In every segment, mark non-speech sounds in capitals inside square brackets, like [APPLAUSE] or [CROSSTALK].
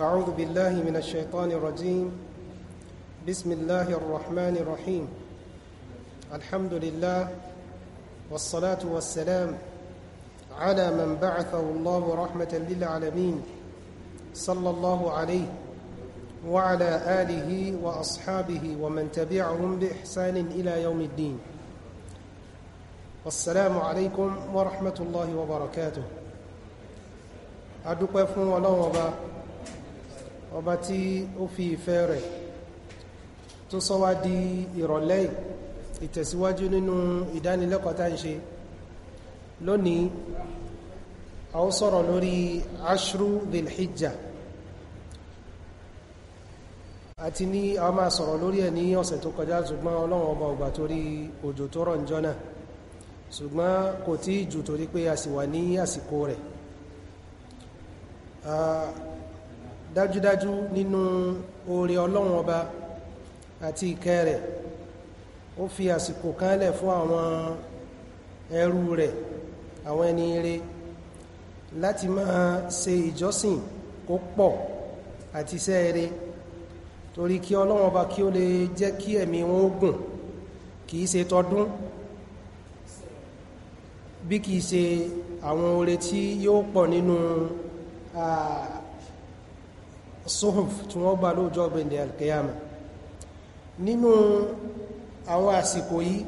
أعوذ بالله من الشيطان الرجيم بسم الله الرحمن الرحيم الحمد لله والصلاة والسلام على من بعثه الله رحمة للعالمين صلى الله عليه وعلى آله وأصحابه ومن تبعهم بإحسان إلى يوم الدين والسلام عليكم ورحمة الله وبركاته أدوك فون ولو وبركاته ọba tí ó fi ìfẹ́ rẹ̀ tó sọ wá di ìrọ̀lẹ́ ìtẹ̀síwájú nínú ìdánilẹ́kọ̀ọ́ tá ń ṣe lónìí a ó sọ̀rọ̀ lórí ashru dhilhijja àti ní a máa sọ̀rọ̀ lórí ẹ̀ ní ọ̀sẹ̀ tó kọjá ṣùgbọ́n ọlọ́run ọba ọgbà torí òjò tó rọ̀ níjọ́ náà ṣùgbọ́n kò tí jù torí pé a sì wà ní àsìkò rẹ̀ dájúdájú nínú oore ọlọ́run ọba àti ìkẹ́ rẹ̀ ó fi àsìkò kánlẹ̀ fún àwọn ẹrú rẹ̀ àwọn ẹni ire láti máa ṣe ìjọsìn kó pọ̀ àti iṣẹ́ ire torí kí ọlọ́run ọba kí ó lè jẹ́ kí ẹ̀mí wọn ó gùn kìí ṣe tọdún bí kìí ṣe àwọn oore tí yóò pọ̀ nínú àà suhuf tí wọ́n gbà lóòjọ́ gbẹ̀ndẹ̀ alkiyama nínú àwọn àsìkò yìí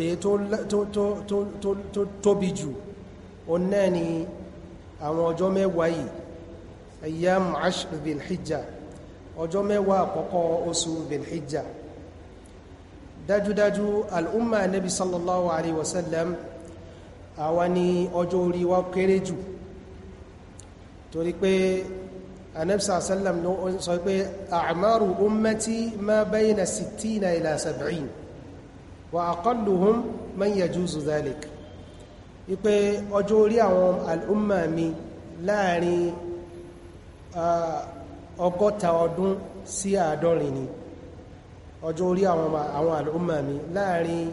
èyí tó tóbi jù o náà ni àwọn ọjọ́ mẹ́wàá yìí ayyam ashir bilhijja ọjọ́ mẹ́wàá àkọ́kọ́ oṣù bilhijja dájúdájú al'umma nabi sallallahu alaihi wasallam àwa ni ọjọ́ orí wa kéré jù torí pé anẹ́bísà sallam ló sọ pé àmàrù ummati ma bayna sittina ila sab'in wa aqalluhum man yajuzu dhalik ipe ọjọ́ orí àwọn al'umma mi láàrin ọgọ́ta ọdún sí àádọ́rin ni ọjọ́ orí àwọn al'umma mi láàrin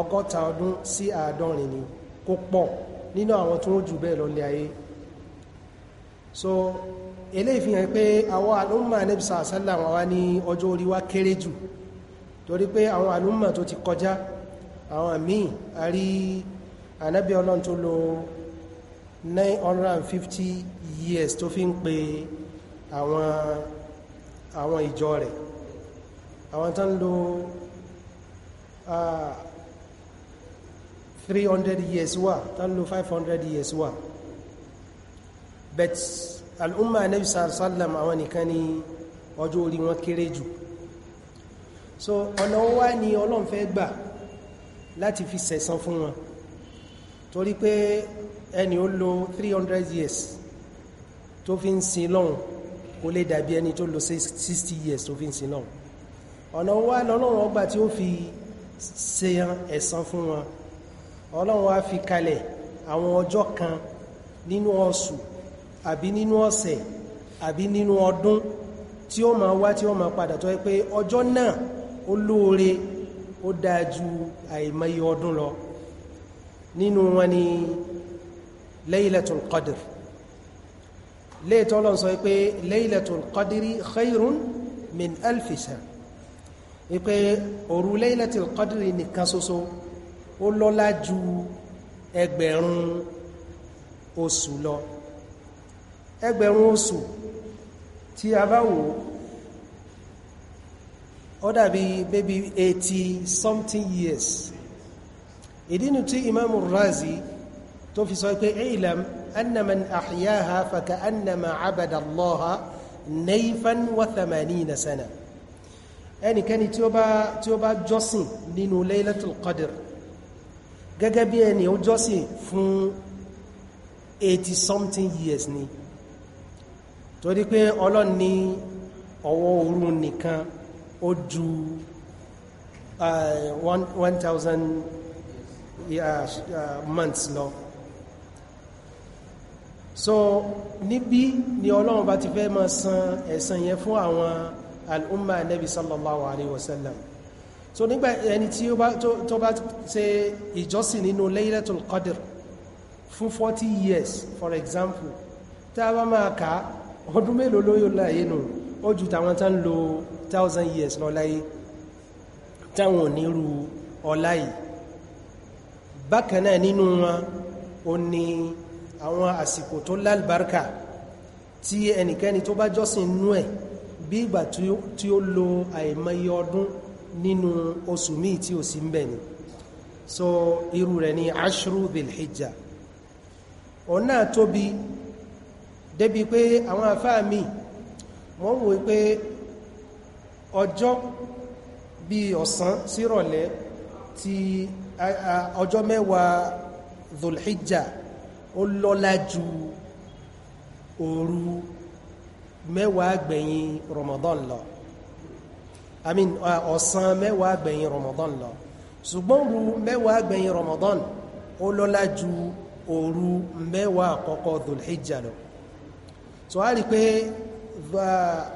ọgọ́ta ọdún sí àádọ́rin ni kò pọ̀ nínú àwọn tó ń jù bẹ́ẹ̀ lọ ayé so eléyìí fi hàn pé àwọn àlúmà nẹ́bí sàásálà wọn wá ní ọjọ́ orí wa kéré jù torí pé àwọn àlúmà tó ti kọjá àwọn míì a rí ànábì ọlọ́run tó lo 950 years tó fi ń pe àwọn àwọn ìjọ rẹ̀ àwọn tán lo uh, 300 years wà tán lo 500 years wà bet al'umma anabi sallam àwọn nìkan ni ọjọ́ orí wọn kéré jù so ọ̀nà wá ni Ọlọ́run fẹ́ gbà láti fi sẹ̀san fún wọn torí pé ẹni ó lò 300 years tó fi ń sin lọ́hun kò lè dàbí ẹni tó lò 60 years tó fi ń sin lọ́hun ọ̀nà wá lọ́lọ́run ọgbà tí ó fi ṣe ẹ̀san fún wọn Ọlọ́run wá fi kalẹ̀ àwọn ọjọ́ kan nínú oṣù àbí nínú ọ̀sẹ̀ àbí nínú ọdún tí ó máa wá tí ó máa padà tó yẹ pé ọjọ́ náà ó lóore ó dáa ju àìmọye ọdún lọ nínú wọn ni laylatul qadr léètọ́ sọ pé laylatul qadri khairun min alfisa wípé òru laylatul qadri nìkan ṣoṣo ó lọ́lá ju ẹgbẹ̀rún oṣù lọ ẹgbẹ̀rún oṣù tí a bá wò ó dàbí baby 80 something years ìdínú tí imamu razi tó fi sọ pé ilam annaman ahyaha faka annama abadallaha naifan wa 80 sana ẹnikẹ́ni tí ó bá tí ó bá jọ́sìn nínú laylatul qadr gẹ́gẹ́ bí ẹni ó jọ́sìn fún 80 something years ni torí pé ọlọ́run ní ọwọ́ òru nìkan ó ju 1000 eh, eh, months lọ so níbí ni ọlọ́run bá ti fẹ́ máa san ẹ̀san yẹn fún àwọn al'umma nabi sallallahu alaihi wasallam so nígbà ẹni tí ó bá ṣe ìjọsìn nínú laylatul qadr fún 40 years for example tí a bá máa kàá ọdún mélòó ló yóò láyé nù ó ju tàwọn tán lo thousand years lọ láyé táwọn ò nírú ọlá yìí bákan náà nínú wọn ó ní àwọn àsìkò tó lálbárkà tí ẹnikẹ́ni tó bá jọ́sìn nú ẹ̀ bí ìgbà tí ó lo àìmọye ọdún nínú oṣù míì tí ó sì ń bẹ̀ ni so irú rẹ̀ ni ashru dhil hijja ọ̀nà tóbi débi pé àwọn àfáà mi wọ́n wò pé ọjọ́ bí ọ̀sán sírọ̀lẹ́ ti ọjọ́ mẹ́wàá dhulhijja ó lọ́lá ju òru mẹ́wàá gbẹ̀yìn ramadan lọ i mean ọ̀sán mẹ́wàá gbẹ̀yìn ramadan lọ ṣùgbọ́n ru mẹ́wàá gbẹ̀yìn ramadan ó lọ́lá ju òru mẹ́wàá àkọ́kọ́ dhulhijja lọ so a rí pé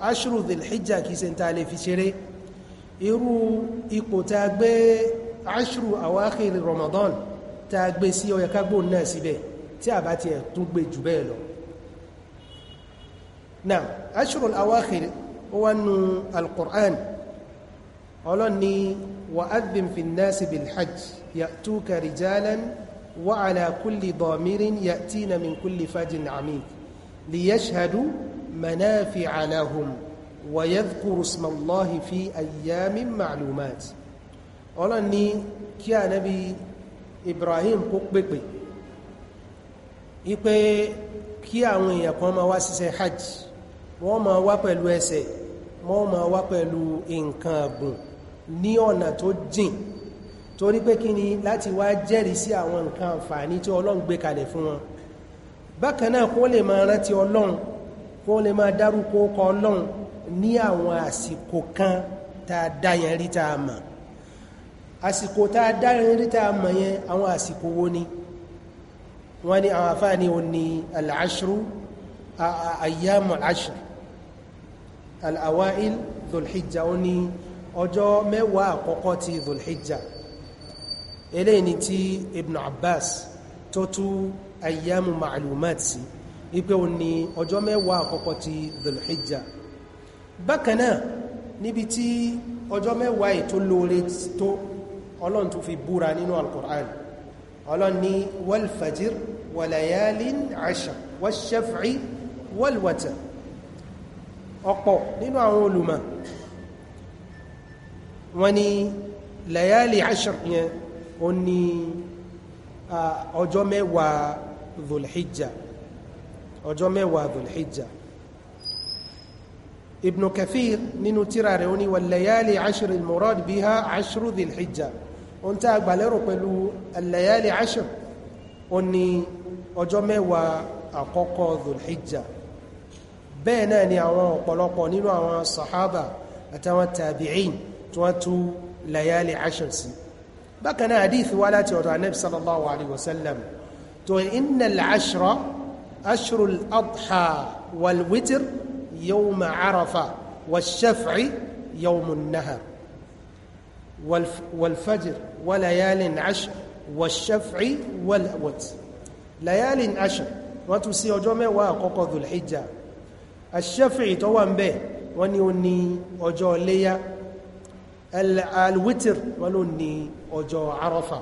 ashru dhil hijja kìí ṣe ta lè fi ṣeré irú ipò ta gbé ashru awakhir ramadan ta gbé sí ó yẹ ká gbóhùn náà síbẹ̀ tí a bá tiẹ̀ tún gbé jù bẹ́ẹ̀ lọ náà ashru awakhir wọ́n nu alqur'an ọlọ́ni wa adhin fi nasi bil hajj ya'tuka rijalan wa ala kulli damirin ya'tina min kulli fajin amik ليشهدوا منافع لهم ويذكروا اسم الله في أيام معلومات ọlọ́n ni kí a nábi Ibrahim kó pépè ipé kí àwọn èèyàn kan ma wá ṣiṣẹ́ hajj wọ́n ma wá pẹ̀lú ẹsẹ̀ wọ́n ma wá pẹ̀lú nǹkan àgùn ní ọ̀nà tó jìn torí pé kí ni láti wá jẹ́rìí sí àwọn nǹkan àǹfààní tí Ọlọ́run gbé kalẹ̀ fún wọn bákan náà kó lè máa rántí ọlọ́run kó lè máa dárúkọ ọkọ ọlọ́run ní àwọn àsìkò kan tá a dá yẹn rí tá a mọ̀ àsìkò tá a dá yẹn rí tá a mọ̀ yẹn àwọn àsìkò wo ni wọ́n ní àwọn àfáà ní ni al-ashru ayyamu al-ashr al-awail ọjọ́ mẹ́wàá àkọ́kọ́ ti dhulhijja eléyìí ni ti ibn abbas tó tún ayyamu ma'lumat sí ipé o ní ọjọ́ mẹ́wàá àkọ́kọ́ ti dhulhijja bákanáà níbi tí ọjọ́ mẹ́wàá ètò lóore tó ọlọ́n tó fi búra nínú alkùnrán ọlọ́n ní walfajir walayalin asha washaf'i walwata ọ̀pọ̀ nínú àwọn olùmọ̀ wọ́n ní layali asha yẹn o ní ọjọ́ dhulhijja ọjọ́ mẹ́wàá dhulhijja ibn kathir nínú tírà rẹ̀ ó ní wàlẹ̀yálì ashir al-murad biha ashru dhulhijja ohun tí a gbà lérò pẹ̀lú al-layali ashir ó ní ọjọ́ mẹ́wàá àkọ́kọ́ dhulhijja bẹ́ẹ̀ náà ni àwọn ọ̀pọ̀lọpọ̀ nínú àwọn sahaba àtàwọn tabi'in tí wọ́n tú layali ashir sí bákan náà hadith wá láti ọ̀dọ̀ anabi sallallahu alaihi wasallam إن العشر أشر الأضحى والوتر يوم عرفة والشفع يوم النهر والف والفجر وليال عشر والشفع والوتر ليال عشر وتسيو جومي وقوقو ذو الحجة الشفع توان به ونيوني أجو ليا الوتر ولوني أجو عرفه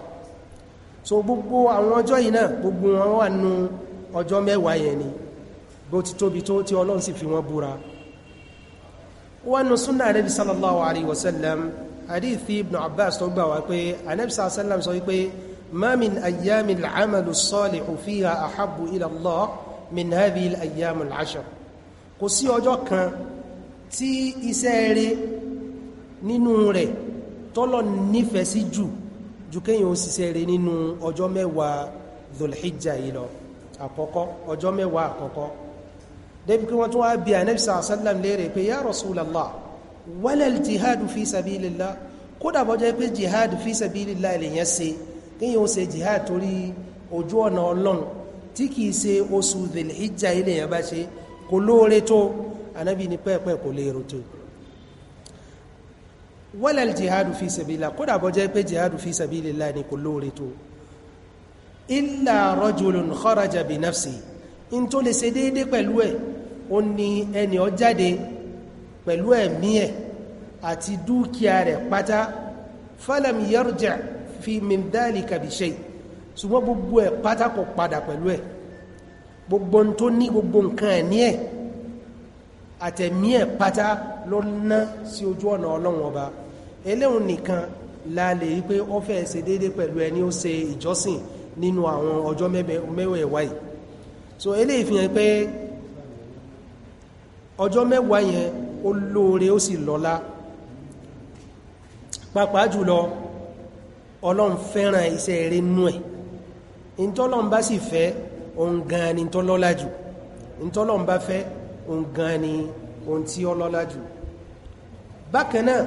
so gbogbo àwọn ọjọ́ yìí náà gbogbo wọn wà nú ọjọ́ mẹ́wàá yẹn ni bó ti tóbi tó tí ọlọ́run sì fi wọ́n búra wọ́n nú súnà ànábì sallallahu alayhi wa sallam hadithi ibn abbas tó gbà wá pé ànábì sallallahu alayhi wa sallam sọ wípé ma min ayyami al'amalu salihu fiha ahabbu min hadhihi al-ayyam kò sí ọjọ́ kan tí iṣẹ́ rere nínú rẹ̀ tọ́lọ̀ nífẹ̀ẹ́ sí jù ju kéèyàn ó ṣiṣẹ́ rẹ̀ nínú ọjọ́ mẹ́wàá dhulhijja yìí lọ àkọ́kọ́ ọjọ́ mẹ́wàá àkọ́kọ́ débi kí wọ́n tún wá bí anabi sallam léèrè pé ya rasulallah walal jihadu fi sabilillah kódà bó jẹ́ pé jihad fi sabilillah lèyàn ṣe kéèyàn ó jihad torí ojú ọ̀nà ọlọ́run tí kìí ṣe oṣù dhulhijja yìí bá ṣe kò lóore tó anabi ní pẹ́ẹ̀pẹ́ kò lè rò tó wala jihadu fi sabilillah kódà bọ́ jẹ́ pé jihadu fi sabilillah ni kò lóore tó illa rajulun kharaja bi nafsi in tó lè ṣe déédé pẹ̀lú ẹ̀ ó ní ẹni ó jáde pẹ̀lú ẹ̀mí ẹ̀ àti dúkìá rẹ̀ pátá falam yarja fi min dhalika ṣùgbọ́n gbogbo ẹ̀ pátá padà pẹ̀lú ẹ̀ gbogbo tó ní gbogbo nǹkan ẹ̀ ní ẹ̀ àtẹ̀mí ẹ̀ pátá ló ná sí ojú ọ̀nà ọlọ́run ọba eléhùn nìkan la lè rí pé ó fẹ́ ṣe déédé pẹ̀lú ẹni ó ṣe ìjọsìn nínú àwọn ọjọ́ mẹ́wẹ̀ẹ̀wá yìí so eléyìí fi hàn pé ọjọ́ mẹ́wàá yẹn ó lóore ó sì lọ́lá pàápàá jùlọ ọlọ́run fẹ́ràn iṣẹ́ eré nú ẹ̀ ìntọ́lọ́run bá sì fẹ́ òun gan ni ìntọ́lọ́lá jù ìntọ́lọ́run bá fẹ́ òun gan ni ohun tí ó lọ́lá jù bákan náà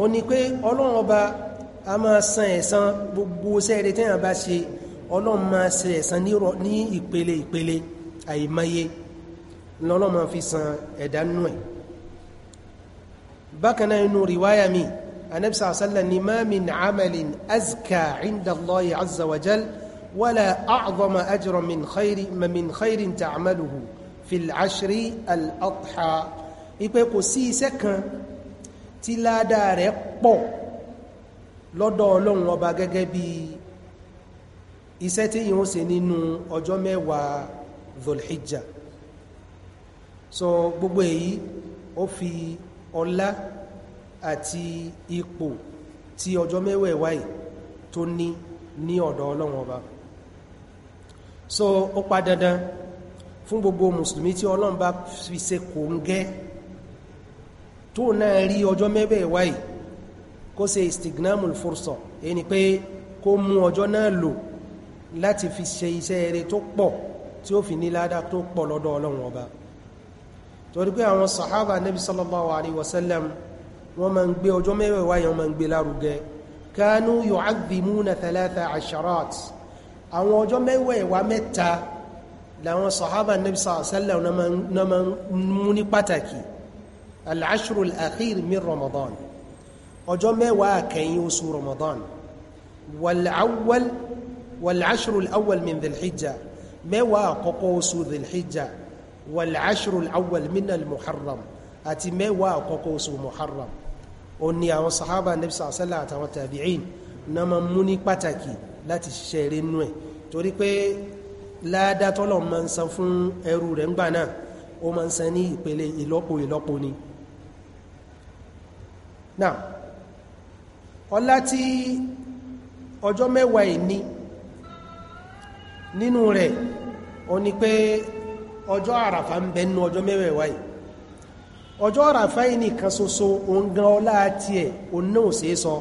ó ní pé ọlọ́run ọba a máa san ẹ̀san gbogbo sẹ́ẹ̀rẹ̀ téèyàn bá ṣe ọlọ́run máa ṣe ẹ̀san ní ìpele ìpele àìmọye lọ́lọ́run máa fi san ẹ̀dá ẹ̀ bákan náà inú rìwáyà mi anabi sàásàlá ni ma min azka inda Allahi azza wa jal wala a'zama fil ashri al-adha ipe kò sí iṣẹ́ kan tí ládàá rẹ̀ pọ̀ lọ́dọ̀ ọlọ́run ọba gẹ́gẹ́ bí iṣẹ́ tí yíò ṣe nínú ọjọ́ mẹ́wàá dhulhijja so gbogbo èyí ó fi ọlá àti ipò tí ọjọ́ mẹ́wẹ̀ẹ̀wá yìí tó ní ní ọ̀dọ̀ ọlọ́run ọba so ó pa fún gbogbo mùsùlùmí tí ọlọ́run bá fi ṣe kò ń gẹ́ tó náà rí ọjọ́ mẹ́bẹ̀ wáyìí kó ṣe istignamul fursa ẹni pé kó mú ọjọ́ náà lò láti fi ṣe iṣẹ́ eré tó pọ̀ tí ó fi ní ládá tó pọ̀ lọ́dọ̀ ọlọ́run ọba torí pé àwọn sàhábà nabi sallallahu alaihi wasallam wọ́n ma ń gbé ọjọ́ mẹ́wẹ̀ wáyé wọ́n ma ń gbé lárugẹ kánú yu'adhimuna thalatha asharat àwọn ọjọ́ mẹ́wẹ̀ wá mẹ́ta làwọn sọ̀hábà nabi sàásẹ́lẹ̀ na ma mú ní pàtàkì al-ashru al-akhir min ramadan ọjọ́ mẹ́wàá kẹ́yìn oṣù ramadan wal-awwal wal-ashru al-awwal min dhil-hijja mẹ́wàá àkọ́kọ́ oṣù dhil-hijja wal-ashru al-awwal min al-muharram àti mẹ́wàá àkọ́kọ́ oṣù muharram ó ní àwọn sàhábà nabi sàásẹ́lẹ̀ àtàwọn láàdá ma ń san fún ẹrù rẹ̀ ńgbà náà ó ma ń san ní ìpele ni náà ọlá tí ọjọ́ mẹ́wàá ìní nínú rẹ̀ o ni pé ọjọ́ àràfà ń ọjọ́ mẹ́wàá yìí ọjọ́ àràfà sọ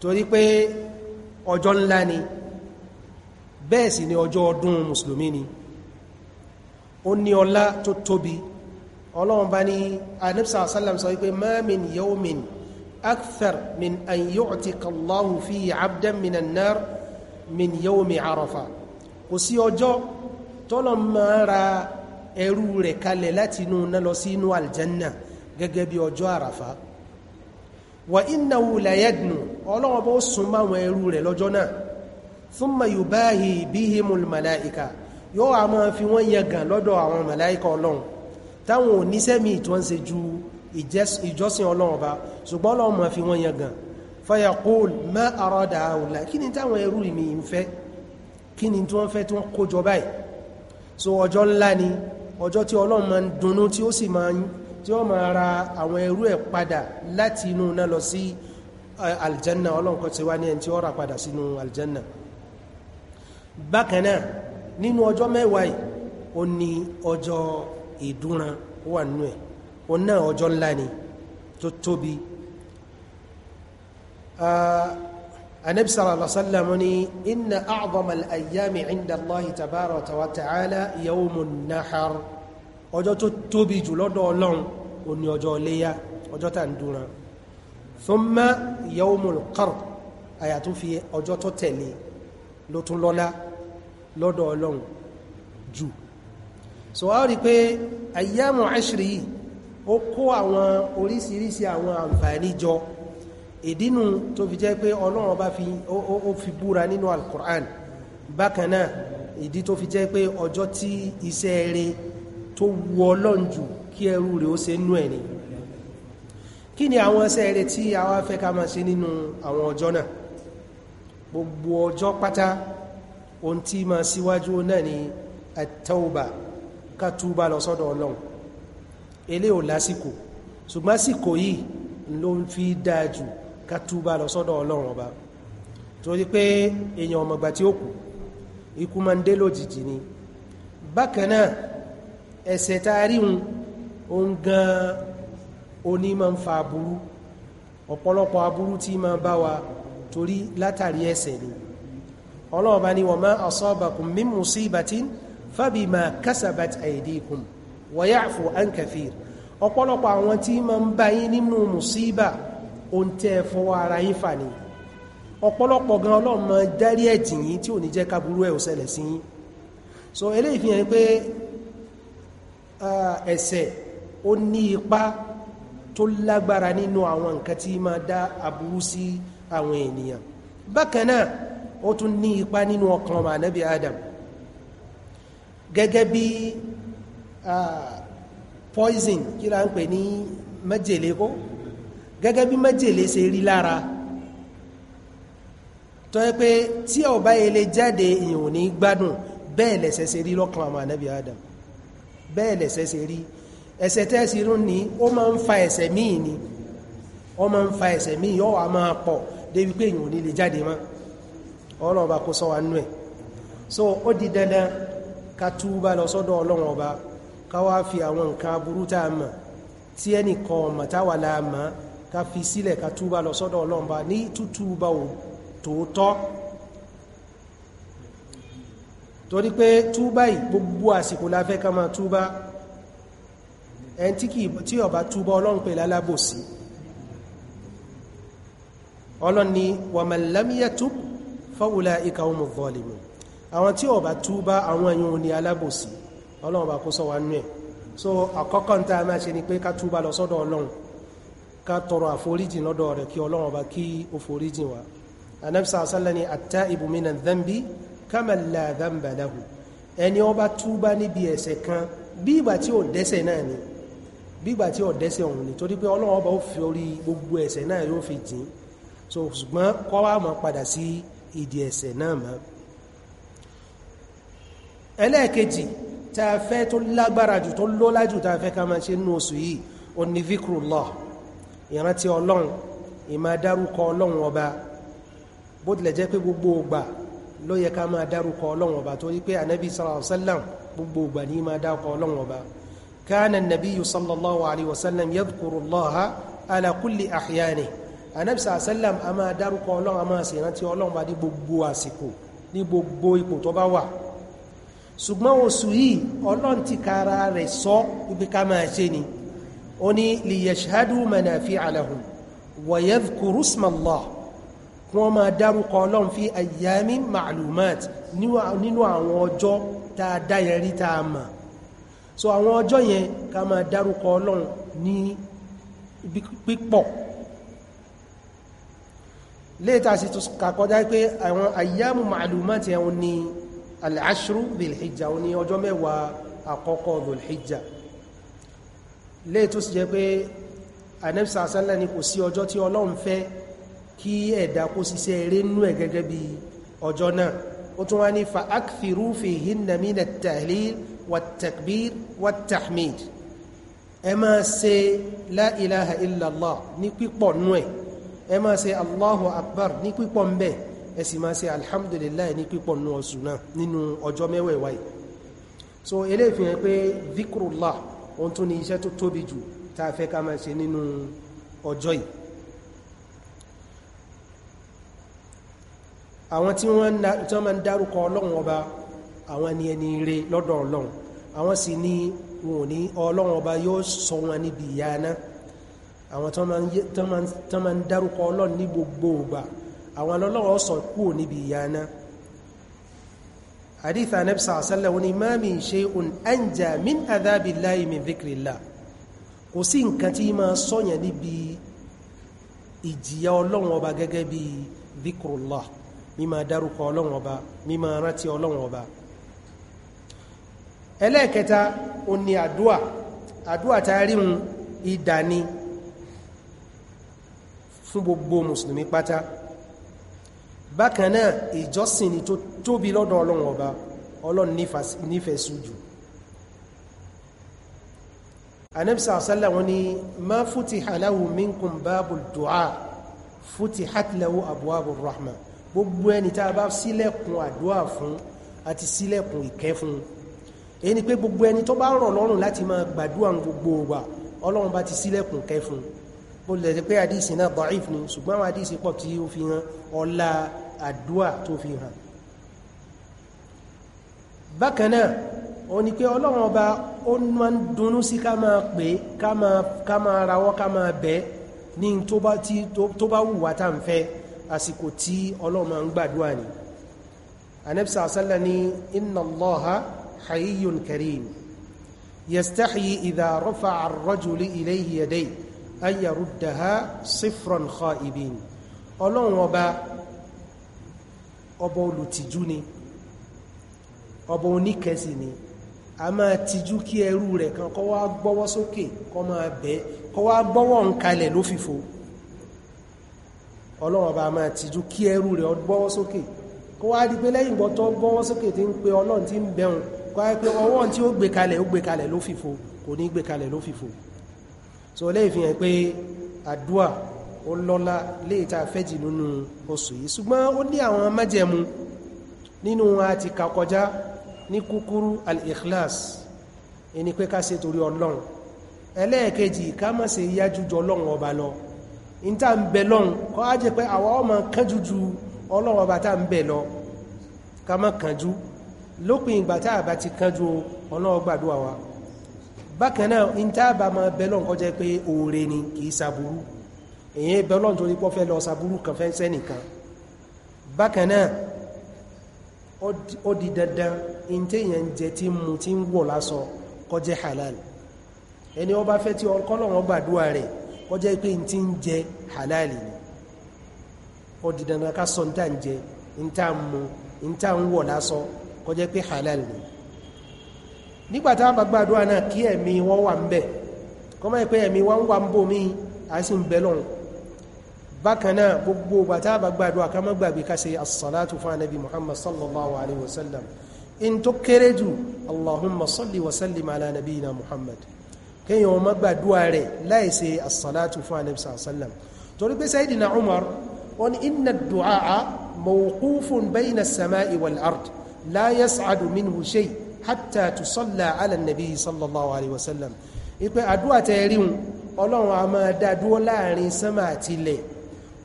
torí pé ọjọ́ ni. bẹ́ẹ̀ sì ni ọjọ́ ọdún mùsùlùmí ni ó ní ọlá tó tóbi ọlọ́run bá ní anibsa sallam sọ wípé ma min yawmin akthar min an yu'tika Allahu fi abdan min an-nar min yawmi arafa kò sí ọjọ́ tọ́lọ máa ra ẹrú rẹ̀ kalẹ̀ láti inú náà lọ sí inú aljanna gẹ́gẹ́ bí ọjọ́ àràfà wa innahu la ọlọ́run bó sún máwọn ẹrú rẹ̀ lọ́jọ́ náà thumma yubahi bihimul màláìka yóò a máa fi wọ́n yẹgàn lọ́dọ̀ àwọn màláìka ọlọ́run táwọn oníṣẹ́ mi tí wọ́n ṣe ju ìjọsìn ọlọ́run ọba ṣùgbọ́n ọlọ́run máa fi wọ́n yẹgàn fayaqul ma arada àwòlá kí ni táwọn ẹrú mi ń fẹ́ aljanna ọlọ́run kó ti wá ní ẹni tí ó rà padà sínú aljanna bákanáà nínú ọjọ́ mẹ́wàá yìí ó ní ọjọ́ ìdúnran ó wà nínú ẹ̀ ó náà ọjọ́ ńlá ni tó tóbi anabi sallallahu alaihi wasallam ní inna a'zama al-ayyami 'inda allahi tabaraka wa ọjọ́ tó tóbi jù lọ́dọ̀ Ọlọ́run ó ní ọjọ́ iléyá ọjọ́ tá ń dúnran thumma yawmul qarb àyà tó ọjọ́ tó tẹ̀lé ló tún lọ́lá lọ́dọ̀ ọlọ́run jù so a rí pé ayyamu ashri yìí ó kó àwọn oríṣiríṣi àwọn àǹfààní jọ ìdínú tó fi jẹ́ pé ọlọ́run bá fi ó fi búra nínú alkùrán bákan náà ìdí tó fi jẹ́ pé ọjọ́ tí iṣẹ́ rere tó wu ọlọ́run jù kí ẹrú rẹ̀ ó ṣe nú ẹ̀rin kí ni àwọn iṣẹ́ rere tí a wá fẹ́ ká máa ṣe nínú àwọn ọjọ́ náà gbogbo ọjọ́ pátá ohun tí ma síwájú náà ni àtẹ́wòbà ká túbà lọ sọ́dọ̀ ọlọ́run elé ò lásìkò ṣùgbọ́n àsìkò yìí ló ń fi dáa jù ká túbà lọ sọ́dọ̀ ọlọ́run ọba torí pé èèyàn ọmọgbà tí ó kù ikú máa ń dé lójijì ni bákan náà tá a ríhun òun gan oní máa ń fa aburú ọ̀pọ̀lọpọ̀ aburú tí máa bá wa torí látàrí ẹ̀ṣẹ̀ ni ọlọ́ọ̀bá ni wa ma asabakum min musibatin fabima kasabat aydikum wa ya'fu an kathir ọ̀pọ̀lọpọ̀ àwọn tí ma ń bá yín nínú musíbà ohun tẹ́ fọwọ́ ara yín fà ní ọ̀pọ̀lọpọ̀ gan ọlọ́run dárí ẹ̀jì yín tí ò ní jẹ́ káburú ẹ̀ tó lágbára nínú àwọn nǹkan tí ma dá aburú sí àwọn ènìyàn bákan náà ó tún ní ipa nínú ọkàn ọmọ ànábì adam gẹ́gẹ́ bí poison kí la ń pè ní májèlé kó gẹ́gẹ́ bí májèlé ṣe rí lára tó yẹ pé tí ọba ilé jáde ìyàn ní gbádùn bẹ́ẹ̀ lẹ̀ṣẹ̀ ṣe rí lọ́kàn ọmọ ànábì adam bẹ́ẹ̀ lẹ̀ṣẹ̀ ṣe rí ẹ̀ṣẹ̀ tẹ́ẹ̀sì rún ní ó máa ń fa ẹ̀ṣẹ̀ míì ni ó máa ń fa ẹ̀ṣẹ̀ míì yọ́ wà máa pọ̀ débi pé èyàn ò ní lè jáde mọ́ ọlọ́run ọba kó sọ wa nú ẹ̀ so ó di dandan ká túbá lọ sọ́dọ̀ ọlọ́run ọba ká wá fi àwọn nǹkan aburú tá a mọ̀ tí ẹnì kan ọmọ táwa la mọ̀ ká fi sílẹ̀ ká túbá lọ sọ́dọ̀ ọlọ́run ọba ní tútúbá ò tòótọ́ torí pé túbá yìí gbogbo àsìkò la fẹ́ ká máa túbá ẹni tí ọba túbá ọlọ́run pè lálábòsí ọlọ́ni waman lam yatub fa ulaika humu zalimun àwọn tí ó bá túbá àwọn èèyàn ní alábòsí ọlọ́run bá kó sọ wá nú ẹ̀ so àkọ́kọ́ ní táa máa ṣe ni pé ká túbá lọ sọ́dọ̀ ọlọ́run ká tọrọ àforíjìn lọ́dọ̀ rẹ̀ kí ọlọ́run bá kí ó foríjìn wa anabisa asálẹ́ni lahu ẹni ó ni bí ìgbà tí ò dẹ́ṣẹ̀ ni torí pé ọlọ́run bá ó fi orí gbogbo ẹ̀ṣẹ̀ náà yóò fi jìn so ṣùgbọ́n kọ́ wá mọ́ padà sí ìdí ẹ̀ṣẹ̀ náà mọ́ ẹlẹ́ẹ̀kejì tá a fẹ́ tó lágbára jù tó lọ́lá jù tá a fẹ́ ká máa ṣe nínú oṣù yìí ó ní zikrullah ìrántí ọlọ́run ìmá dárúkọ ọlọ́run ọba bó tilẹ̀ jẹ́ pé gbogbo ògbà ló yẹ ká máa dárúkọ ọlọ́run ọba torí pé anabi sallallahu gbogbo ògbà ní máa dárúkọ ọlọ́run ọba kana an-nabiyyu sallallahu alaihi wasallam yadhkurullaha ala kulli ahyanihi anabisa asalam a máa dárúkọ ọlọ́run a máa sì rántí ọlọ́run bá dé gbogbo àsìkò ní gbogbo ipò tó bá wà ṣùgbọ́n oṣù yìí ọlọ́run ti kára rẹ̀ sọ ibi ká máa ṣe ni ó ní liyashhadu manafi'a lahum wa yadhkuru ismallah kí wọ́n máa dárúkọ ọlọ́run fi ayyami ma'lumat nínú àwọn ọjọ́ tá a dáyẹ̀ rí tá a mọ̀ so àwọn ọjọ́ yẹn ká máa dárúkọ ọlọ́run ní pípọ̀ léta sí tún kàkọjá pé àwọn ayyamu ma'lumati ẹ̀hún ni al-ashru dhul-hijja ó ní ọjọ́ mẹ́wàá àkọ́kọ́ dhul-hijja léètò sì jẹ́ pé anẹ́bìsà asálẹ̀ ni kò sí ọjọ́ tí ọlọ́run fẹ́ kí ẹ̀dá kó ṣiṣẹ́ eré nú ẹ̀ gẹ́gẹ́ bí ọjọ́ náà ó tún wá ní ní pípọ̀ nú ẹ̀ ẹ máa ṣe allahu akbar ní pípọ̀ ń bẹ̀ ẹ sì máa ṣe alhamdulillah ní pípọ̀ nínú oṣù náà nínú ọjọ́ mẹ́wẹ̀ẹ̀wá yìí so eléyìí fi hàn pé dhikrullah ohun tó ní iṣẹ́ tó tóbi jù tá a fẹ́ ká máa ṣe nínú ọjọ́ yìí àwọn tí wọ́n máa ń dárúkọ ọlọ́run ọba àwọn ni ẹni rere lọ́dọ̀ ọlọ́run àwọn sì ni wọn ò ní ọlọ́run ọba yóò sọ wọn níbi ìyà náà àwọn tó ma ń dárúkọ ọlọ́run ní gbogbo ògbà àwọn ọlọ́run sọ kúrò níbi ìyáná hadith anab sàásẹ́lẹ̀ wọn ni máa mi ṣe un anja min adábìláì min zikrillah kò sí nǹkan tí ma sọ́yàn níbi ìjìyà ọlọ́run ọba gẹ́gẹ́ bí zikrullah mímá dárúkọ ọlọ́run ọba mímá rántí ọlọ́run ọba ẹlẹ́ẹ̀kẹta o ni àdúà àdúà tààrí ìdání fún gbogbo mùsùlùmí pátá bákanáà ìjọsìn ni tó tóbi lọ́dọ̀ ọlọ́run ọba ọlọ́run nífẹ̀ẹ́ sójú anẹ́bísà ọ̀sálà wọn ni ma futiha lahu minkum báàbù du'a futihat lahu abwabu rahma gbogbo ẹni tá a bá ṣílẹ̀kùn àdúà fún àti ṣílẹ̀kùn ìkẹ́ fún ẹni pé gbogbo ẹni tó bá rọ̀ lọ́rùn láti máa gbàdúà gbogbo wa ọlọ́run bá ti ṣílẹ̀kùn kẹ́ fún un bó lè jẹ́ pé àdísì náà da'if ni ṣùgbọ́n àwọn àdísì pọ̀ tí ó fi hàn ọlá àdúà tó fi hàn bákan náà ó ní pé ọlọ́run ọba ó máa ń dunnú sí ká máa pè ká máa rawọ́ ká máa bẹ̀ ní tó bá wù wá tá ń fẹ́ àsìkò tí ọlọ́run máa ń gbàdúà ni ayaruddaha sifron khaibin ọlọ́run ọba ọba olùtìjú ni ọba oníkẹsì ni a máa tìjú kí ẹrú rẹ̀ kan kọ́ wá gbọ́wọ́ sókè kọ́ máa bẹ́ kọ́ wá gbọ́wọ́ ń kalẹ̀ ló fìfò ọlọ́run ọba máa tìjú kí ẹrú rẹ̀ gbọ́wọ́ sókè kọ́ wá di pé lẹ́yìn gbọ́ tó gbọ́wọ́ sókè tí ń pe ọlọ́run tí ń bẹ̀rùn kọ́ wá pé ọwọ́ tí ó gbé kalẹ̀ ó gbé kalẹ̀ ló fìfò kò ní gbé kalẹ̀ ló fìfò so lẹ́yìn fi hàn pé àdúà ó lọ́lá léè tá a fẹ́ jù nínú oṣù yìí ṣùgbọ́n ó ní àwọn májẹ̀mú nínú àti kàkọjá ní kúkúrú al-ikhlas ẹni pé ká ṣe torí ọlọ́run ẹlẹ́ẹ̀kejì ká má ṣe yájújọ ọlọ́run ọba ọlọ́run ọba lọ bákan náà n tá a bá máa bẹ́lọ̀ nǹkan jẹ́ pé oore ni kì í ṣàbúrú èyí bẹ́lọ̀ nítorí pọ́ fẹ́ lọ ṣàbúrú kan fẹ́ sẹ́nìkan bákan náà ó di dandan n téèyàn ń jẹ tí mu tí ń wọ̀ lásọ kó jẹ́ halal ẹni ó bá fẹ́ tí ọlọ́run gbàdúrà rẹ̀ kó jẹ́ pé n ti ń jẹ halal ni ó di dandan ká sọ n tá ń jẹ n tá ń mu n tá ń wọ̀ lásọ kó jẹ́ pé halal ni nígbàtá àbàgbàdúwà náà kí ẹ̀mí wọ́n wà ń bẹ̀ kọmọ́ ìpé ẹ̀mí wọ́n wà ń bò mí àìsí ń bẹ̀lọ́n bákanáà gbogbo bàtá àbàgbàdúwà ká mọ́ gbàgbé ká ṣe assalatu fún anabi muhammad sallallahu alaihi wasallam in tó kéré jù allahumma salli wa sallim ala nabiyina muhammad kéèyàn wọn mọ́ gbàdúwà rẹ̀ láì ṣe assalatu fún anabi sallam torí pé hatta tusalla ala nabi sallallahu alaihi wasallam ipe àdúrà tẹ́ rí hun ọlọ́run a máa dá dúró láàrin sánmà àti ilẹ̀